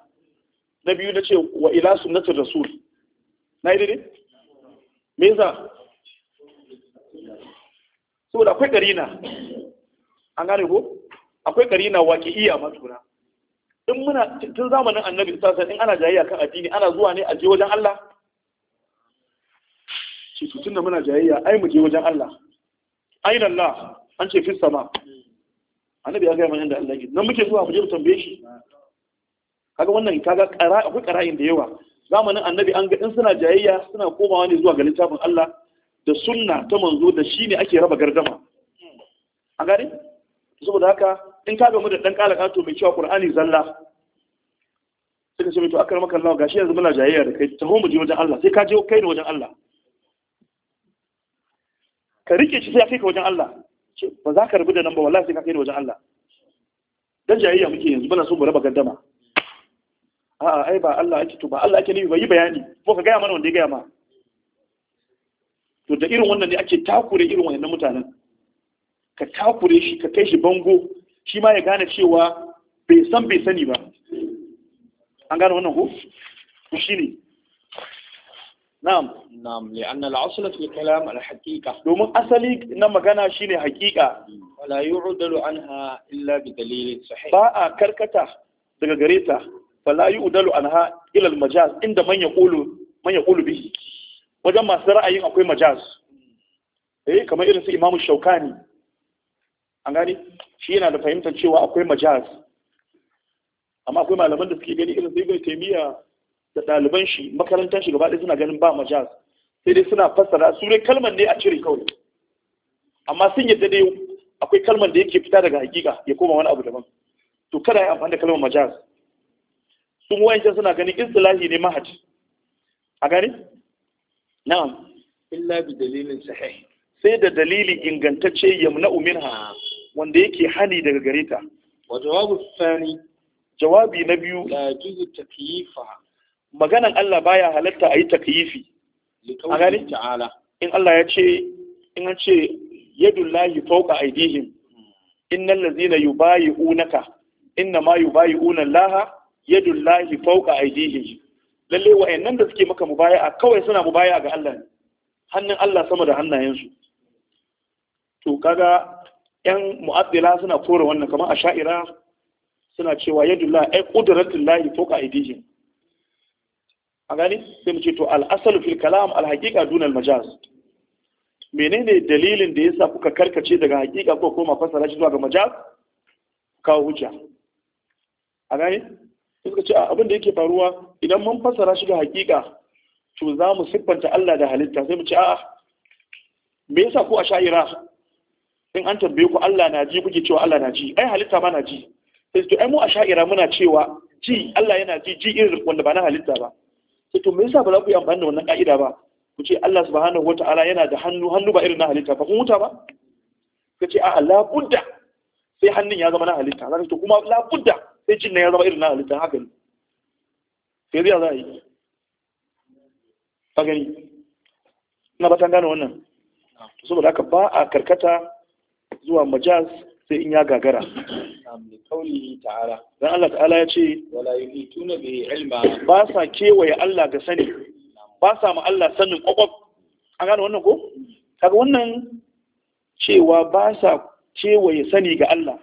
na biyu na ce wa ila sunnatir rasul na yi daidai me yasa saboda akwai karina an gane ko akwai karina wake iya matuna in muna tun zamanin annabi sassan in ana jayayya kan addini ana zuwa ne a je wajen Allah ce tun da muna jayayya ai mu je wajen Allah aina Allah an ce fi sama annabi ya gaya mana da Allah nan muke zuwa mu je mu tambaye shi kaga wannan kaga akwai qara'in da yawa zamanin annabi an ga in suna jayayya suna komawa ne zuwa ga littafin Allah da sunna ta manzo da shi ne ake raba gardama a gani saboda haka in ka gamu da ɗan kalaka to mai cewa Ƙur'ani zalla ka ce mai to akar maka Allah gashi yanzu muna jayayya da kai taho mu je wajen Allah sai ka je kai ne wajen Allah ka rike shi sai kai ka wajen Allah ba za ka rubu da nan ba wallahi sai ka kai ne wajen Allah dan jayayya muke yanzu muna so mu raba gardama a'a ai ba Allah ake to ba Allah ake nufi ba yi bayani ko ka gaya mana wanda ya gaya ma to da irin wannan ne ake takure irin wannan mutanen ka takure shi ka kai shi bango shi ma ya gane cewa bai san bai sani ba an gane wannan ko shi ne na'am na'am li anna al-asl fi kalam al-haqiqa domin asali na magana shine haqiqa wala yu'dalu anha illa bi dalilin sahih ba a karkata daga gareta fala Udalu, an ha ilal majaz inda manya yaqulu manya yaqulu bihi wajen masu ra'ayin akwai majaz eh kamar irin su imamu Shaukani an gani shi yana da fahimtar cewa akwai majaz amma akwai malaman da suke gani irin su Ibn Taymiyyah da ɗaliban shi makarantar shi gaba ɗaya suna ganin ba majaz sai dai suna fassara su dai kalmar ne a cire kawai amma sun yadda dai akwai kalmar da yake fita daga hakika ya koma wani abu daban to kada ya amfani da kalmar majaz sun wayancan suna ganin istilahi ne mahaj a gani na'am illa bi dalilin sahih sai da dalili ingantacce yamna'u minha wanda yake hani daga gare ta wa jawabu tsani jawabi na biyu la juzu takyifa maganan Allah baya halatta ayi takyifi a gani ta'ala in Allah ya ce in an ce yadullahi fawqa aydihim hmm. innal ladzina yubayi'unaka inna ma yubayi'una Allah yadullahi fawqa aydihim lalle wa'annan da suke maka mubaya'a kawai suna mubaya'a ga Allah ne hannun Allah sama da hannayensu to kaga yan mu'addila suna kore wannan kamar sha'ira suna cewa yadullahi ay qudratullahi fawqa aydihim a gani sai mu ce to al'asalu fil kalam al haqiqa dun al majaz menene dalilin da yasa kuka karkace daga haqiqa ko koma fasara shi zuwa ga majaz kawo hujja a gani suka ce abin da yake faruwa idan mun fassara shi ga hakika to za mu siffanta Allah da halitta sai mu ce a'a me yasa ko a sha'ira in an tambaye ku Allah na ji kuke cewa Allah na ji ai halitta ma na ji sai to ai mu a sha'ira muna cewa ji Allah yana ji ji irin wanda ba na halitta ba sai to me yasa ba za ku yi amfani da wannan ka'ida ba ku ce Allah subhanahu wata'ala yana da hannu hannu ba irin na halitta ba kun huta ba ka ce a'a labudda sai hannun ya zama na halitta za ka ce kuma labudda sai cin na ya zama irin na halitta haka ne sai biya za a yi a gani na ba ta gane wannan saboda haka ba a karkata zuwa majaz sai in ya gagara dan Allah ta'ala ya ce ba sa kewaye Allah ga sani ba sa ma Allah sanin kwakwaf an gane wannan ko kaga wannan cewa ba sa kewaye sani ga Allah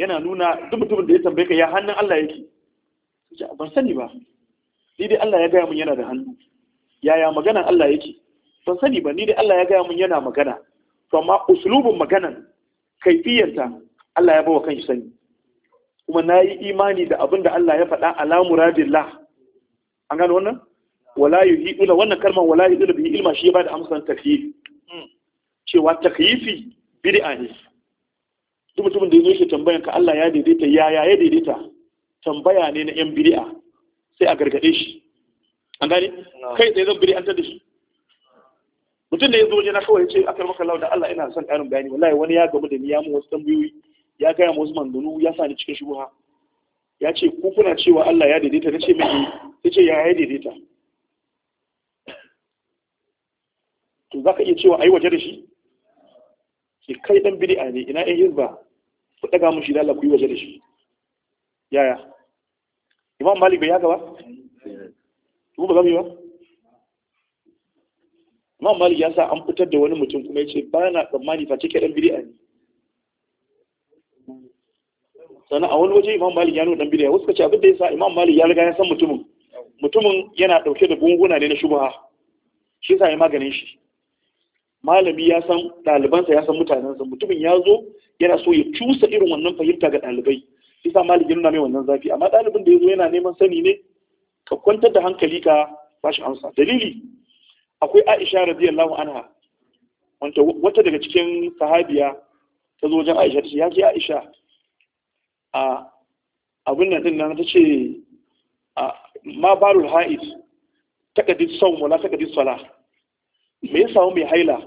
yana nuna duk mutumin da ya tambaye ka ya hannun Allah yake ban sani ba ni dai Allah ya gaya mun yana da hannu yaya magana Allah yake ban sani ba ni dai Allah ya gaya mun yana magana to amma uslubin maganan kaifiyarta Allah ya bawa kanshi sani kuma na yi imani da abin da Allah ya faɗa ala muradillah an gano wannan wala yuhiduna wannan kalmar wala yuhiduna yi ilma shi ya bada amsan takyif hmm. cewa takyifi bid'a ne duk mutumin da ya zo shi tambayan ka Allah ya daidaita ya ya daidaita tambaya ne na yan bid'a sai a gargade shi an gane kai tsaye zan bid'antar da shi mutum da ya zo waje na kawai ce akai maka lauda Allah ina son ƙarin bayani wallahi wani ya gamu da ni ya mu wasu tambayoyi ya gaya mu wasu mandunu ya sa ni cikin shubuha ya ce ku kuna cewa Allah ya daidaita na ce mai sai eh. ce ya ya daidaita to za ka iya cewa a yi waje da shi kai ɗan bid'a ne ina yan hizba ku daga mun shi da Allah ku yi waje da shi yaya imam malik bai yaka ba ku ba zami ba imam malik ya sa an fitar da wani mutum kuma ya ce ba na tsammani face ke dan bid'a ne sannan a wani waje imam malik ya nuna dan bid'a wasu ka ce abin da ya sa imam malik ya riga ya san mutumin mutumin yana dauke da gunguna ne na shubha shi sa ya maganin shi malami ya san ɗalibansa ya san mutanensa mutumin ya zo yana so ya cusa irin wannan fahimta ga ɗalibai isa malik ya nuna mai wannan zafi amma ɗalibin da ya zo yana neman sani ne ka kwantar da hankali ka bashi amsa dalili akwai aisha radiyallahu anha wanda wata daga cikin sahabiya ta zo wajen aisha ta ce ya ce aisha a abin nan din nan ta ce ma barul ha'id takaddi saum wala takaddi sala me yasa mai haila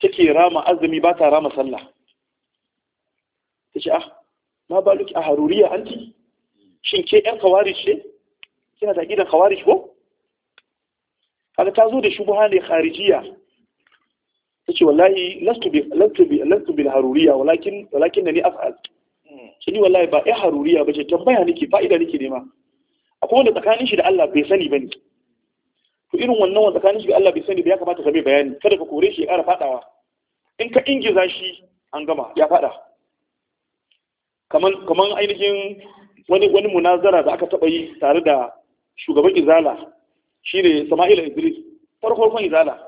take rama azumi ba ta rama sallah ce ah ma ba luki a haruriya anti shin ke ɗan kawarish ne kina da gidan kawarish ko kaga ta zo da buha ne ta ce wallahi lastu bi bi bil haruriya walakin da ni af'al shi wallahi ba ya haruriya ba ce, tambaya nake fa'ida nake nema akwai wanda tsakanin shi da Allah bai sani ba ne. to irin wannan wanda tsakanin shi da Allah bai sani ba ya kamata ka bai bayani kada ka kore shi ya ƙara fadawa in ka ingiza shi an gama ya fada kaman ainihin wani wani munazara da aka taba yi tare da shugaban izala shi ne sama'ila idris farkon izala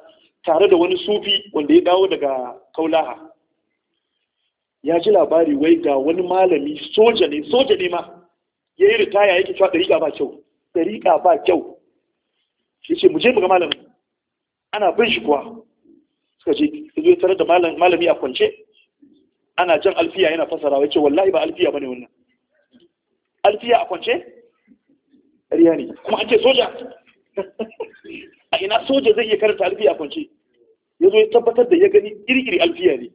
tare da wani sufi wanda ya dawo daga kaulaha ya ji labari wai ga wani malami soja ne soja ne ma ya yi ritaya yake cewa dariƙa ba kyau dariƙa ba kyau shi ce mu je mu ga malami. ana bin shi kuwa suka ce zo tare da malami a kwance ana jan alfiya yana fasara wace wallahi ba alfiya bane wannan alfiya a kwance riya ne kuma an ce soja <laughs> a ina soja zai iya karanta alfiya a kwance ya zo ya tabbatar da ya gani iri-iri alfiya ne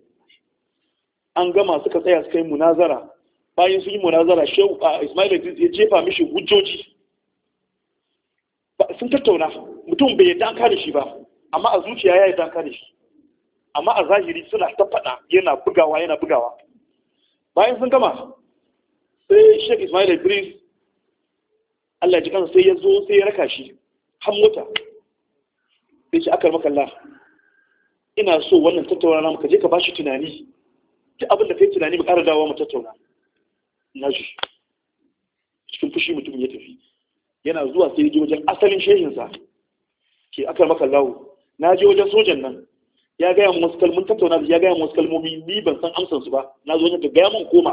an gama suka tsaya suka yi munazara bayan sun yi munazara shehu a ismail aziz ya jefa mishi hujjoji sun tattauna mutum bai yadda an kare shi ba amma a zuciya ya yadda an kare shi amma a zahiri suna ta faɗa yana bugawa yana bugawa bayan sun gama sai Sheikh Ismail ibris Allah ya ji kansa sai ya zo sai ya raka shi har mota sai ce aka makalla ina so wannan tattaunawa, na muka je ka bashi tunani duk abin da kai tunani mu ƙara dawowa mu tattauna na ji cikin fushi mutum ya tafi yana zuwa sai ya je wajen asalin shehinsa ke aka makalla na je wajen sojan nan ya gaya yan muskal mun tattauna da ya gaya min wasu kalmomi ni ban san amsan su ba na zo ne ka ga mun koma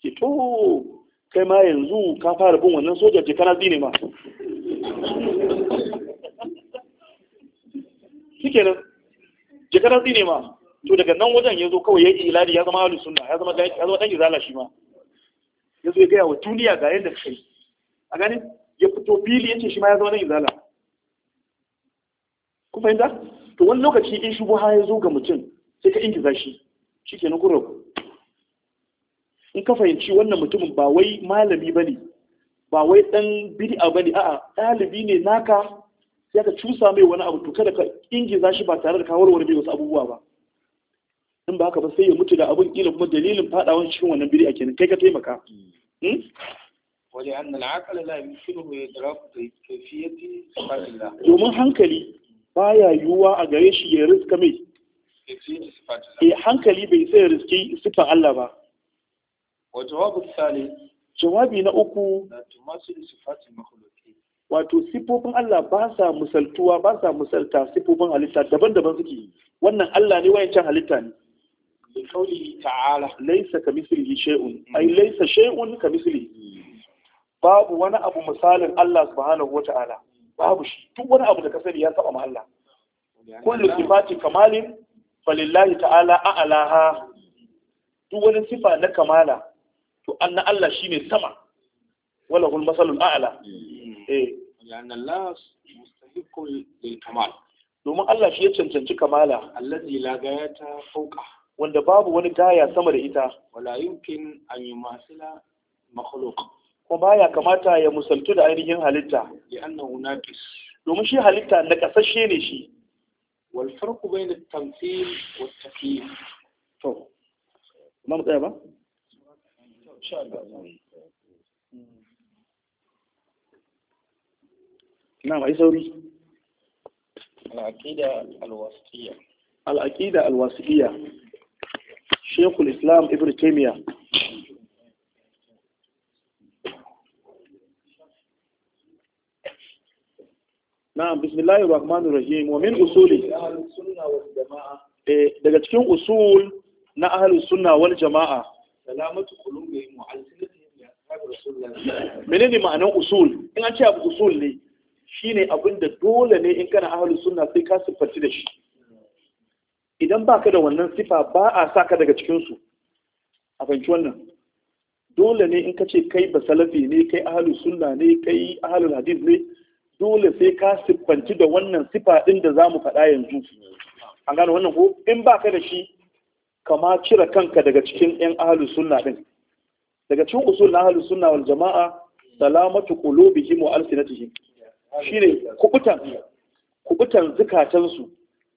ke to kai ma yanzu ka fara bin wannan sojan ce kana zine ma shike nan kana zine ma to daga nan wajen ya zo kawai ya yi ya zama ahlus sunna ya zama ya zama dan izala shi ma ya zo ya gaya wa duniya ga yadda kai a gani ya fito fili yace shi ma ya zama dan izala ku fahimta to wani lokaci in buha ya zo ga mutum sai ka ingiza shi shikenan kun rabu in ka fahimci wannan mutumin ba wai malami ba ne, ba wai dan ba ne. a'a ɗalibi ne naka sai ka cusa mai wani abu to kada ka ingiza shi ba tare da ka warware wasu abubuwa ba in ba haka ba sai ya mutu da abun kila kuma dalilin fadawan cikin wannan bid'a kenan kai ka taimaka ne العقل da يمكنه إدراك كيفية صفات الله. Domin hankali. baya yiwuwa a gare shi ya riska mai E, hankali bai sai riske sifan Allah ba jawabi na uku wato sifofin Allah ba sa misaltuwa ba sa musalta sifofin halitta daban-daban suke wannan Allah ne wayancan halitta ne لقوله تعالى ليس كمثله شيء أي ليس شيء كمثله باب وانا أبو مثال الله سبحانه وتعالى babu shi duk wani abu da ka sani ya taba ma Allah kullu sifati kamalin falillahi ta'ala a'laha duk wani sifa na kamala to anna Allah shine sama wala hul masalul a'la hmm. eh Allah mustahiqul lil kamal domin Allah shi ya cancanci kamala allazi la gayata fawqa wanda babu wani gaya sama da ita wala yumkin an yumasila makhluq ko baya kamata ya musaltu da ainihin halitta li'annahu naqis domin shi halitta na kasashe ne shi wal farqu bayna at-tamthil wa at-taqyim to imam tsaya ba na mai sauri al-aqida al-wasitiyya al-aqida al-wasitiyya shaykhul islam ibnu taymiyyah na'am bismillahir rahmanir rahim wa min usuli eh, daga cikin usul na ahlus sunna wal jama'a salamatu qulubihim wa alsinatihim ya ashabi ma'anar usul in an ce abu usul ne shine abin da dole ne in kana ahlus sunna sai ka siffanci da shi idan baka da wannan sifa ba a saka daga cikin su a fahimci wannan dole ne in ka ce kai ba salafi ne kai ahlus sunna ne kai ahlul hadith ne dole sai ka siffanci da wannan sifa ɗin da za mu faɗa yanzu an gano wannan ko in ba ka da shi kama cire kanka daga cikin 'yan ahalu sunna ɗin daga cikin usul na ahalu sunna wal jama'a salamatu qulubihim wa alsinatihim shine kubutan kubutan zukatansu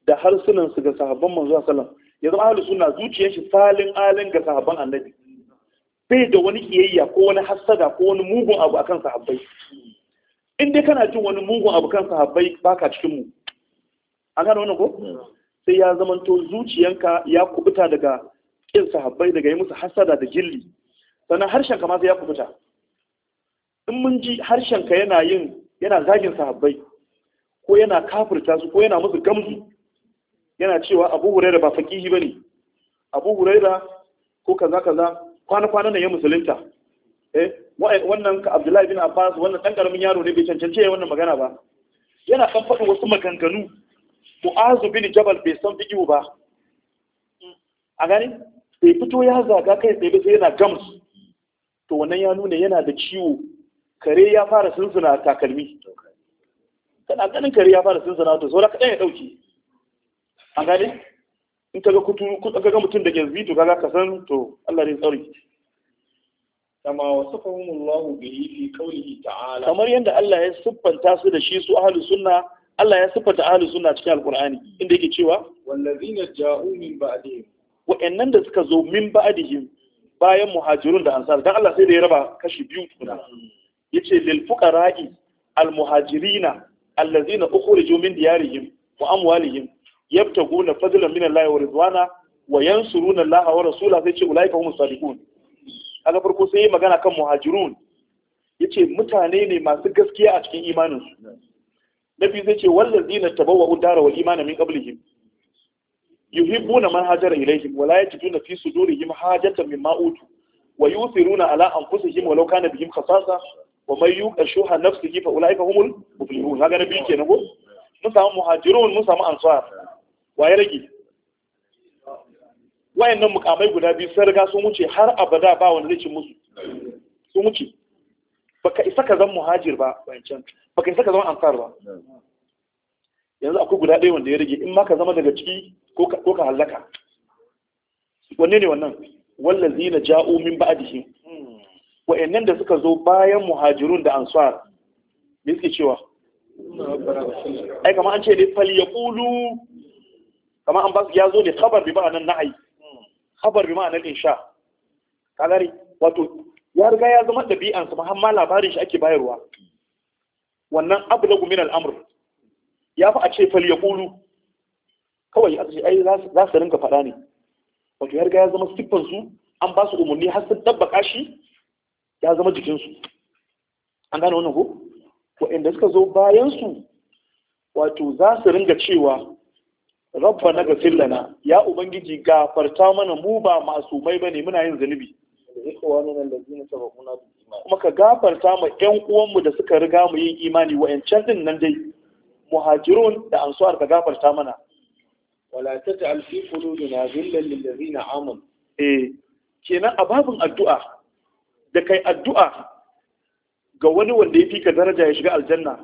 da harsunan su ga sahabban manzo sallam yanzu ahalu sunna zuciyar shi salin alin ga sahabban annabi bai da wani kiyayya ko wani hassada ko wani mugun abu akan sahabbai in dai kana jin wani mugun abu kan sahabbai baka cikin mu an gane wannan ko sai ya zamanto zuciyanka ya kubuta daga kin sahabbai daga yi musu hasada da jilli. sannan harshen ka ma sai ya kubuta in mun ji harshen ka yana yin yana zagin sahabbai ko yana kafirta su ko yana musu gamsu yana cewa Abu huraira ba fakihi bane Abu Hurairah ko kaza kaza kwana kwana ne ya musulunta Eh, wannan ka abdullahi bin abbas wannan ɗan ƙaramin yaro ne bai cancance wannan magana ba yana kan faɗin wasu maganganu mu'azu bin jabal bai san fiƙiwu ba a gani bai fito ya zaga kai tsaye sai yana gams to wannan ya nuna yana da ciwo kare ya fara sunsuna takalmi kana ganin kare ya fara sunsuna to saura kaɗan ya ɗauki a gani in ka ga mutum da ke zito kaga ka san to Allah ne tsari kama wasafahum Allah bihi fi qawlihi ta'ala kamar yadda Allah ya siffanta su da shi su ahlus sunna Allah ya siffanta ahlus sunna cikin alqur'ani inda yake cewa wallazina ja'u min ba'dihim wa'annan da suka zo min ba'dihim bayan muhajirun da ansar dan Allah sai da ya raba kashi biyu tukuna yace lil fuqara'i al muhajirina allazina ukhriju min diyarihim wa amwalihim yabtaguna fadlan min Allah wa ridwana wa yansuruna Allah wa rasulahu sai ce ulaika humus sadiqun kaga farko sai yi magana kan muhajirun yace mutane ne masu gaskiya a cikin imaninsu na biyu zai ce wallazina tabawwa'u dara wal imana min qablihim yuhibbuna man hajara ilayhim wala yajiduna fi sudurihim hajatan mimma utu wa yusiruna ala anfusihim walau kana bihim khasasa wa man yuqa shuha nafsihi fa ulaika humul muflihun kaga na biyu kenan ko mun samu muhajirun mun samu ansar wa ya rage Wayan nan mukamai guda biyu sun riga sun wuce har abada ba wanda zai ci musu sun wuce baka isa ka zan muhajir ba wancan baka isa ka zama ansar ba yanzu akwai guda ɗaya wanda ya rage in ma ka zama daga ciki ko ka hallaka wanne ne wannan wallazi na ja'u min ba'dihi wa'annan da suka zo bayan muhajirun da ansar me suke cewa ai kamar an ce dai fal yaqulu kamar an ba su ya zo ne khabar bi ba'an na'i khabar bi ma'anar insha ka gari wato ya riga ya zama ɗabi'an sa ma labarin shi ake bayarwa wannan ablagu min al'amr ya fi a ce fal yaqulu kawai a ce ai za su rinka faɗa ne wato ya riga ya zama siffan su an ba su umarni har sun tabbaka shi ya zama jikinsu an gane wannan ko wa'inda suka zo bayan su wato za su ringa cewa rabba na gafin lana ya ubangiji gafarta mana mu ba masumai bane muna yin zunubi kuma ka gafarta ma yan uwanmu da suka riga mu yin imani wa yancan din nan dai muhajirun da ansuwar ka gafarta mana wala taj'al da na zillan lil na amanu eh kenan a babin addu'a da kai addu'a ga wani wanda ya fi ka daraja ya shiga aljanna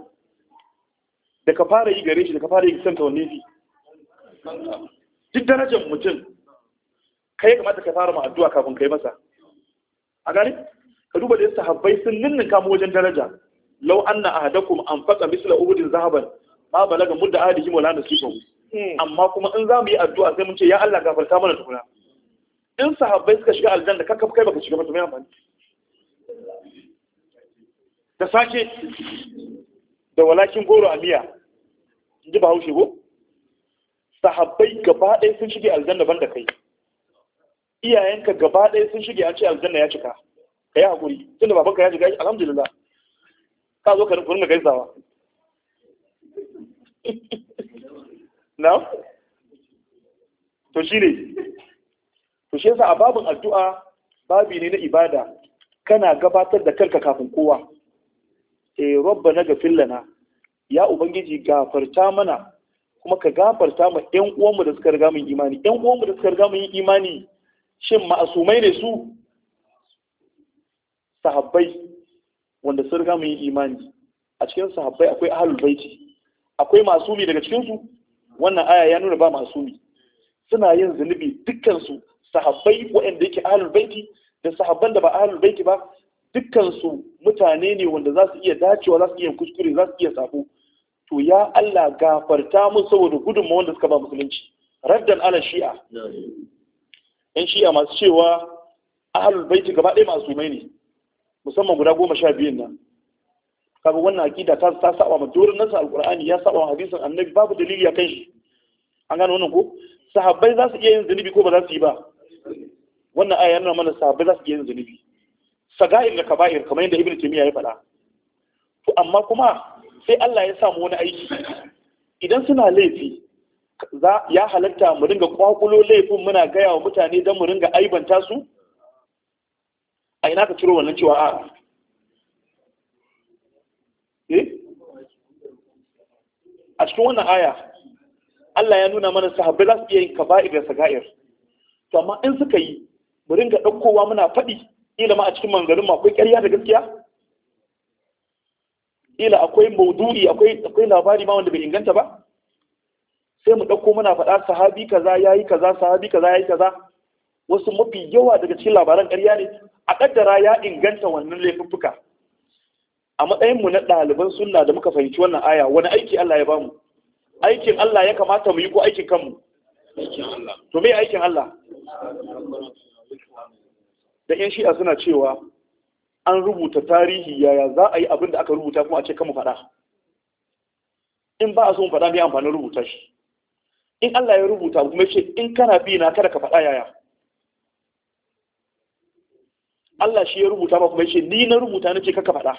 da ka fara yi gare shi da ka fara yi santa wani fi duk darajar mutum kai kamata ka fara ma addu'a kafin kai masa a gani ka duba da yadda sahabbai sun ninnin mu wajen daraja law anna ahadakum anfaqa misla uhudin zahaban ma balaga mudda ahadihim wala nasifahu amma kuma in zamu yi addu'a sai mun ce ya Allah gafarta mana tukuna in sahabbai suka shiga aljanna ka kai baka shiga mutum ya me amfani da sake da walakin goro a miya in ji bahaushe ko sahabbai gaba ɗaya sun shige aljanna ban da kai iyayenka gaba ɗaya sun shige an ce aljanna ya cika ka yi haƙuri tunda babanka ya shiga alhamdulillah ka zo ka rinkurin da gaisawa <laughs> na? to shi ne to shi yasa a babin addu'a babi ne na ibada kana gabatar da kanka kafin kowa eh rabba na gafin lana ya ubangiji gafarta mana kuma ka gafarta ma ƴan uwanmu da suka riga mun imani ƴan uwanmu da suka riga mun yi imani shin ma'asumai ne su sahabbai wanda sun riga mun yi imani a cikin sahabbai akwai ahlul baiti akwai masumi daga cikin su wannan aya ya nuna ba masumi suna yin zunubi dukkan su sahabbai waɗanda yake ahlul baiti da sahabban da ba ahlul baiti ba dukkan su mutane ne wanda za su iya dacewa za su iya kuskure za su iya sako to ya Allah gafarta mu saboda gudunmu wanda suka ba musulunci raddan ala shi'a yan shi'a masu cewa ahalul baiti gaba ɗaya masu mai ne musamman guda goma sha biyun nan kaga wannan akida ta ta saba ma dorin nasa alqur'ani ya saba ma hadisin annabi babu dalili a kan shi an gano wannan ko sahabbai za su iya yin zunubi ko ba za su yi ba wannan aya yana mana sahabbai za su iya yin zunubi sagair da kaba'ir kamar yadda ibnu taymiya ya faɗa to amma kuma sai Allah ya samu wani aiki idan suna laifi ya halatta mu ringa kwakulo laifin muna gaya wa mutane don mu ringa aibanta su a ina ka ciro wannan cewa a eh? a cikin wannan aya Allah ya nuna mana sahabbai za su iya yin kaba'ir da saga'ir to amma in suka yi mu ringa ɗaukowa muna faɗi ilama a cikin mangarin akwai ƙarya da gaskiya ila akwai maudu'i akwai akwai labari ma wanda bai inganta ba sai mu ɗauko muna faɗa sahabi kaza yayi kaza sahabi kaza yayi kaza wasu mafi yawa daga cikin labaran ƙarya ne a kaddara ya inganta wannan laifuffuka a matsayin mu na ɗaliban sunna da muka fahimci wannan aya wani aiki Allah ya bamu aikin Allah ya kamata mu yi ko aikin kanmu to me aikin Allah da yan shi'a suna cewa an rubuta tarihi yaya za a yi abin da aka rubuta kuma a ce kama faɗa in ba a so faɗa mai amfanin rubuta shi in Allah ya rubuta kuma ya ce in kana bi na kada ka faɗa yaya Allah shi ya rubuta ba kuma ya ce ni na rubuta na ce kaka faɗa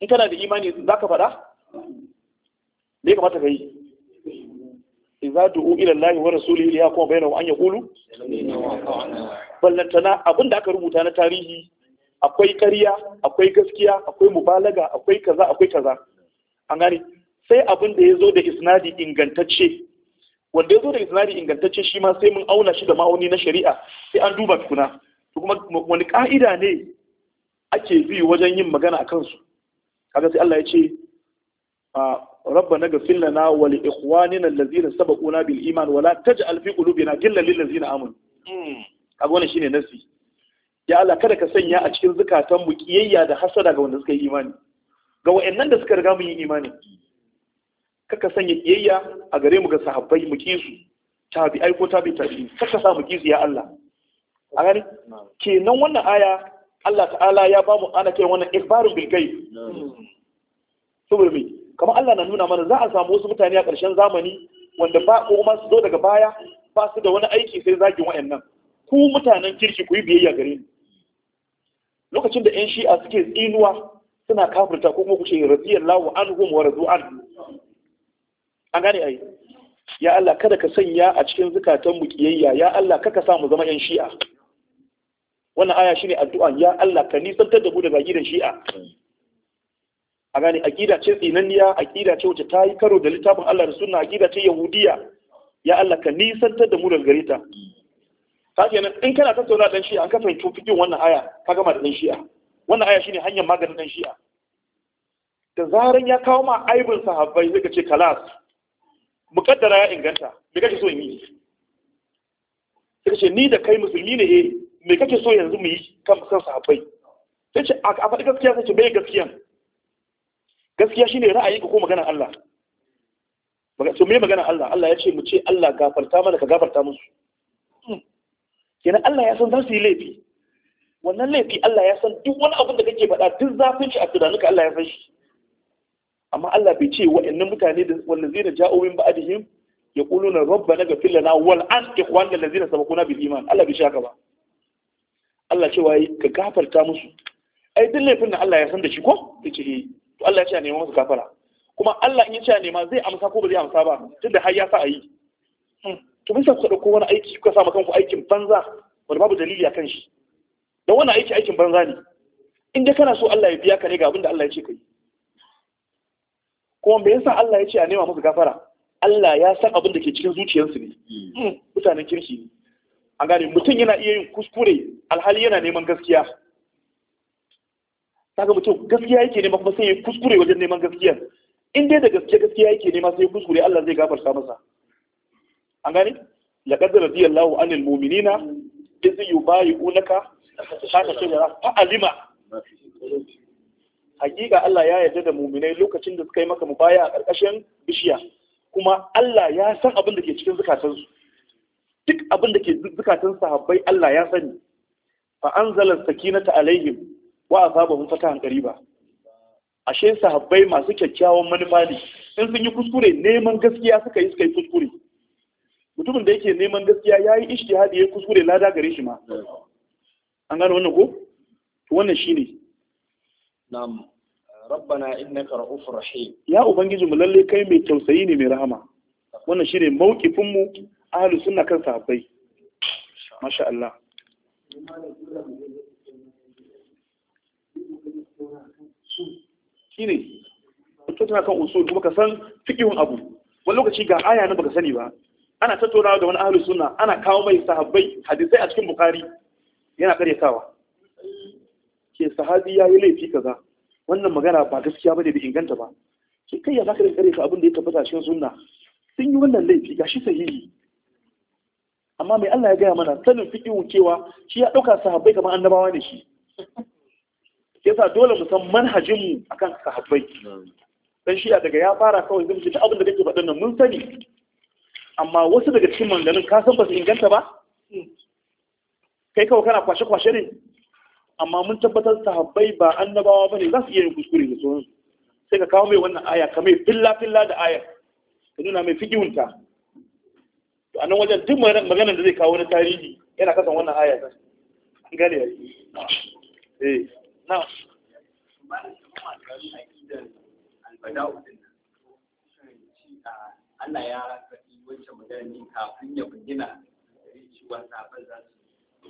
in kana da imani za ka faɗa me kamata ka yi idza du'u ila Allah wa rasulihi li bainahu an yaqulu ballantana abinda aka rubuta na tarihi akwai ƙarya akwai gaskiya akwai mubalaga akwai kaza akwai kaza an gane sai abin da ya zo da isnadi ingantacce wanda ya zo da isnadi ingantacce shi ma sai mun auna shi da ma'auni na shari'a sai an duba tukuna to kuma wani ka'ida ne ake bi wajen yin magana a kansu kaga sai Allah ya ce na gafin lana wa ikhwani ikhwanina lazina sabaquna bil iman wala la taj'al fi qulubina lil lazina amanu hmm. kaga wannan shine nasi ya Allah kada ka sanya a cikin zukatan mu kiyayya da hasada ga wanda suka yi imani ga wayannan da suka riga mu yi imani kaka sanya kiyayya a gare mu ga sahabbai mu kisu tabi'ai ko tabi tabi'i kaka sa mu su ya Allah a gani kenan wannan aya Allah ta'ala ya ba mu ana kai wannan ikbarun bil ghaib saboda me kamar Allah na nuna mana za a samu wasu mutane a ƙarshen zamani wanda ba ko ma su zo daga baya ba su da wani aiki sai zagin wayannan ku mutanen kirki ku yi biyayya gare ni lokacin da 'yan shi'a suke tsinuwa suna kafirta ko kuma lawo an goma wa razu an an gane ai ya Allah kada ka sanya a cikin zukatan mu kiyayya ya Allah kaka sa mu zama 'yan shi'a wannan aya shine addu'an ya Allah ka nisantar da mu daga gidan shi'a a gane aqida ce tsinanniya aqida ce wacce ta yi karo da littafin Allah da sunna aqida ce yahudiya ya Allah ka nisantar da mu daga gareta sake nan in kana tattauna dan shi'a an ka fahimci fikin wannan aya ka gama da dan shi'a wannan aya shine hanyar maganin dan shi'a da zaran ya kawo ma aibin sahabbai zai ka ce kalas mukaddara ya inganta me kake so in yi sai ce ni da kai musulmi ne eh me kake so yanzu mu yi kan kan sahabbai sai ce a faɗi gaskiya sai ce bai gaskiya gaskiya shine ra'ayi ko maganar Allah to me maganar Allah Allah ya ce mu ce Allah gafarta mana ka gafarta musu kenan Allah ya san za su yi laifi wannan laifi Allah ya san duk wani abin da kake faɗa duk zafin shi a tunaninka Allah ya san shi amma Allah bai ce wa'annan mutane da wallazina ja'u min ba'dihim yaquluna rabbana ghfir lana wal an ikhwana allazina sabaquna bil iman Allah bai shaka ba Allah ce wai ka gafarta musu ai duk laifin nan Allah ya san da shi ko yace eh to Allah ya ce a nema musu gafara kuma Allah in ya ce a nema zai amsa ko ba zai amsa ba tunda har ya sa a yi hmm. to mun sa kuka wani aiki kuka sa kanku aikin banza wani babu dalili akan shi dan wannan aiki aikin banza ne in dai kana so Allah ya biya ka ne ga abin da Allah ya ce kai kuma me yasa Allah ya ce a nema musu gafara Allah ya san abin da ke cikin zuciyarsu ne hmm, mutanen kirki ne an gane mutum yana iya yin kuskure alhali yana neman gaskiya kaga mutum gaskiya yake nema kuma sai ya kuskure wajen neman gaskiya in dai da gaskiya gaskiya yake nema sai ya kuskure Allah zai gafarta masa an gani laqad radiyallahu anil mu'minina iz yubayi'unaka haka shajara fa alima hakika Allah ya yarda da mu'minai lokacin da suka yi maka mubaya a ƙarƙashin bishiya kuma Allah ya san abin da ke cikin su duk abin da ke zukatan sahabbai Allah ya sani fa anzala sakinata alaihim wa asabahum fatahan qariba ashe sahabbai masu kyakkyawan manufa ne in sun yi kuskure neman gaskiya suka yi suka yi kuskure mutumin da yake neman gaskiya ya yi haɗi ya kuskure lada gare shi ma an gano wannan ko wannan shi ne. rabbana innaka ra'ufur rahim ya ubangiji mu lalle kai mai tausayi ne mai rahama wannan shine ne mu ahli sunna kan sahabbai masha Allah shine mutum tana kan usul kuma ka san fiqhun abu wani lokaci ga aya na baka sani ba ana tattaunawa da wani ahlus sunna ana kawo mai sahabbai hadisai a cikin bukhari yana karyatawa ke sahabi ya yi laifi kaza wannan magana ba gaskiya bane bai inganta ba ki kai ya zaka ka abin da ya tabbata sunna sun yi wannan laifi gashi sahihi amma mai Allah ya gaya mana sanin fiqhu cewa shi ya dauka sahabbai kamar annabawa ne shi yasa dole mu san manhajin mu akan sahabbai dan shi daga ya fara kawai zai ta abin da kake faɗin nan mun sani amma wasu daga cikin manganin ka san ba su inganta ba hmm. kai kawai kana kwashe-kwashe ne amma mun tabbatar sahabbai ba annabawa bane za su iya yin kuskure da sauran sai ka kawo mai wannan aya ka mai filla-filla da aya ka nuna mai fikihunta a nan wajen duk maganar da zai kawo na tarihi yana kasan wannan aya an gane ya eh na ah, Allah ya kunshi magani kafin ya bayyana cewa za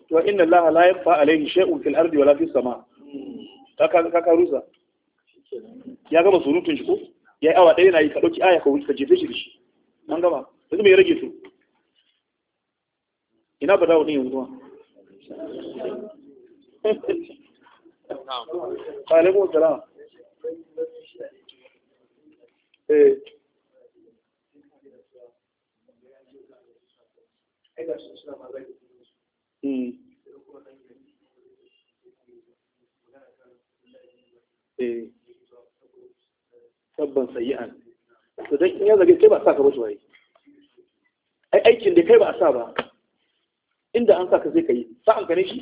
su inna la alayhi shay'un fil ardi wala fis sama ka ka rusa ya gama surutun shi ko yayi awa ɗaya na yi ka ɗauki aya ka wuce an gama yanzu mai rage su ina ba dawo ne yanzu ma alaikum Eh. ga su suna hmm. magana sabban eh. to dan in ya zage kai ba sa ka bashi waye ai aikin da kai ba a sa ba inda an sa ka zai kai sa'an ka ne shi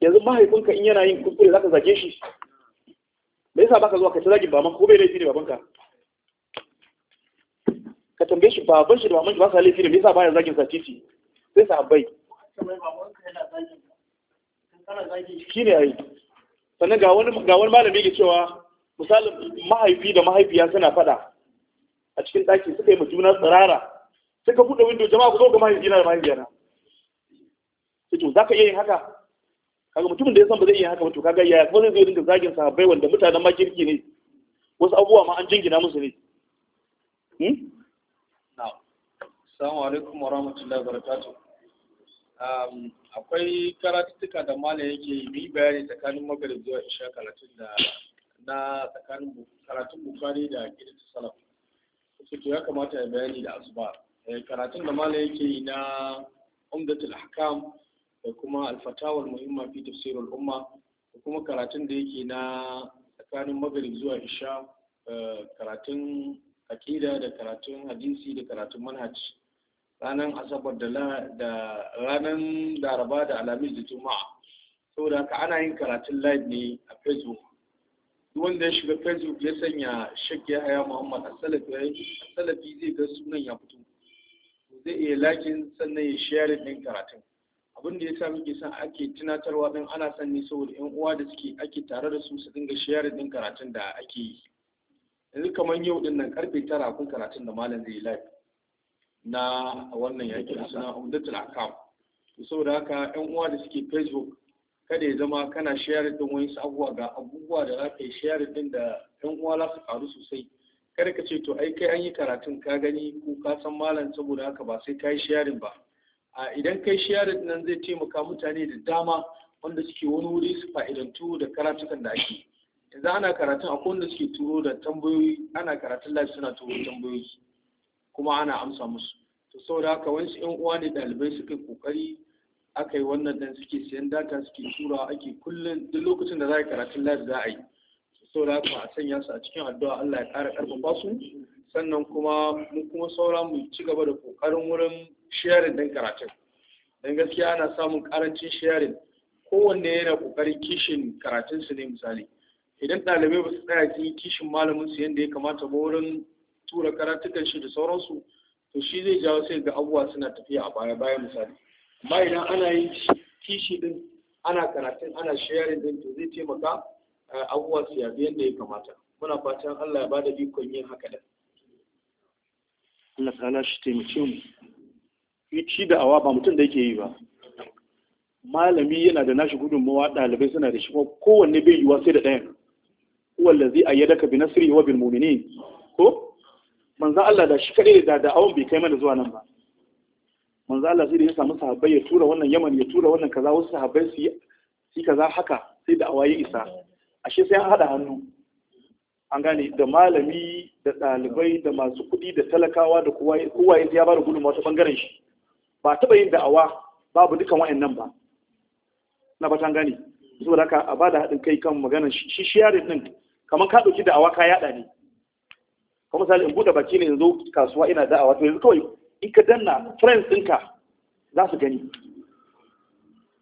yanzu mahaifinka in yana yin kuskure zaka zage shi me yasa baka zuwa kai ta zagin baban ko bai laifi ne babanka tambaye shi baban shi da maman shi ba sa laifi ne me yasa baya zagin sa titi sai sa abai shine ai sannan ga wani ga wani malami yake cewa misalin mahaifi da mahaifiya suna fada a cikin daki suka yi mu juna tsirara suka buɗe windo jama'a ku zo ga mahaifina da mahaifiyana sai to zaka iya yin haka kaga mutumin da ya san ba zai iya haka ba to kaga yaya kuma zai zo dinga zagin sahabbai wanda mutanen ma kirki ne wasu abubuwa ma an jingina musu ne hmm? Assalamu alaikum wa rahmatullahi wa barakatuh. Um, akwai karatuttuka da malam yake yi bayani tsakanin magarin zuwa isha karatun da na tsakanin karatun bukari da kiritu salaf. Suke ya kamata ya bayani da asuba. Eh, karatun da malam yake yi na umdatul hakam da kuma alfatawar muhimma fi tafsirul umma da kuma karatun da yake na tsakanin magarin zuwa isha eh, karatun akida da karatun hadisi da karatun manhaji ranar asabar da ranar laraba da alamis da juma'a saboda haka ana yin karatun live ne a facebook duk wanda ya shiga facebook ya sanya shek ya haya muhammad a salafi zai ga sunan ya fito zai iya lakin sannan ya sharing din karatun abin da ya sa muke san ake tunatarwa din ana son ne saboda yan uwa da suke ake tare da su su dinga sharing din karatun da ake yi yanzu kamar yau din nan karfe tara kun karatun da malam zai yi live na wannan yaki a suna umdatul akam to saboda haka yan uwa da suke facebook kada ya zama kana share din wani abubuwa ga abubuwa da zaka yi share din da yan uwa za su karu sosai kada ka ce to ai kai an yi karatun ka gani ko ka san malam saboda haka ba sai kai sharing ba a idan kai sharing nan zai taimaka mutane da dama wanda suke wani wuri su fa'idantu da karatukan da ake yanzu ana karatun akwai wanda suke turo da tambayoyi ana karatun live suna turo tambayoyi kuma ana amsa musu to saboda haka wani yan uwa ne dalibai suka yi kokari aka yi wannan dan suke siyan data suke tura ake kullun duk lokacin da za a yi karatun live za a yi saboda haka a sanya su a cikin addu'a Allah ya kara ƙarfafa su sannan kuma mu kuma saura mu ci gaba da kokarin wurin sharing din karatun dan gaskiya ana samun karancin sharing kowanne yana kokarin kishin karatun su ne misali idan ɗalibai ba su tsaya su yi kishin malamin su yadda ya kamata ba wurin tura karatukan shi da sauransu to shi zai jawo sai ga abubuwa suna tafiya a baya baya misali amma idan ana yin kishi din ana karatun ana sharing din to zai taimaka eh, abubuwa su yabi yadda ya kamata muna fatan Allah ya bada bikon yin haka da Allah ta'ala shi taimake mu shi da awa ba mutum da yake yi ba malami yana da nashi gudunmawa ɗalibai suna da shi kuma kowanne bai yiwa sai da ɗayan wallazi ayyadaka bi nasri wa bil mu'minin ko manzan Allah da shi kadai da da'awun bai kai mana zuwa nan ba manzan Allah sai da ya samu sahabbai ya tura wannan yaman ya tura wannan kaza wasu sahabbai su yi kaza haka sai da awaye isa ashe sai an haɗa hannu an gane da malami da ɗalibai da masu kuɗi da talakawa da kowa ya ba da gudunmawa ta ɓangaren shi ba taɓa yin da'awa babu dukan wa'annan ba na batan gane saboda haka a bada da haɗin kai kan maganar shi shi yare din kamar ka ɗauki da'awa ka yaɗa ne kuma misali in bude baki ne yanzu kasuwa ina da'awa wato yanzu kawai in ka danna friends ɗinka za su gani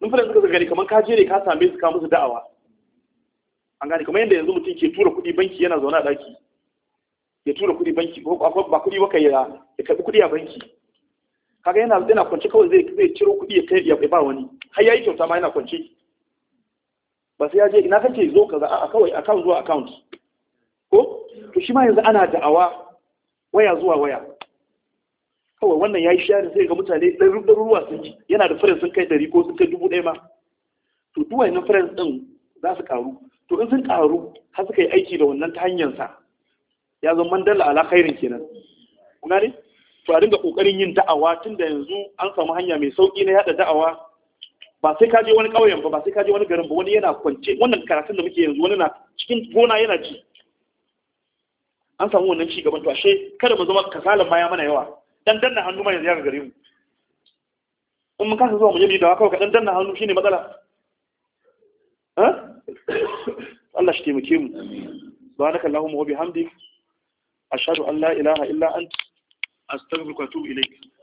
in friends ɗinka su gani kamar ka je ne ka same su ka musu da'awa an gane kamar yadda yanzu mutum ke tura kuɗi banki yana zaune a ɗaki ya tura kuɗi banki ko ba kuɗi ba kai ya karɓi kuɗi a banki kaga yana yana kwance kawai zai zai ciro kuɗi ya kai ya ba wani har yayi kyauta ma yana kwance ba sai ya je ina kake zo kaza a kawai account zuwa account ko to shi ma yanzu ana da'awa waya zuwa waya kawai wannan ya yi shari zai ga mutane ɗaruruwa sun ji yana da firin sun kai ɗari ko sun kai dubu ɗaya ma to duk wannan firin ɗin za su ƙaru to in sun ƙaru har suka yi aiki da wannan ta hanyar sa ya zama mandala ala khairin kenan kuna ne to a dinga kokarin yin da'awa tun da yanzu an samu hanya mai sauki na yada da'awa ba sai ka je wani ƙauyen ba ba sai ka je wani garin ba wani yana kwance wannan karatun da muke yanzu wani na cikin gona yana ci an samu wannan ci gaban to ashe kada mu zama kasalan ma mana yawa dan danna hannu ma yanzu ya gare mu in mun kasa zuwa mu yi mu dawa kawai ka dan danna hannu shine matsala Allah shi taimake mu subhanaka allahumma wa bihamdik ashhadu an la ilaha illa anta astaghfiruka wa atubu ilayk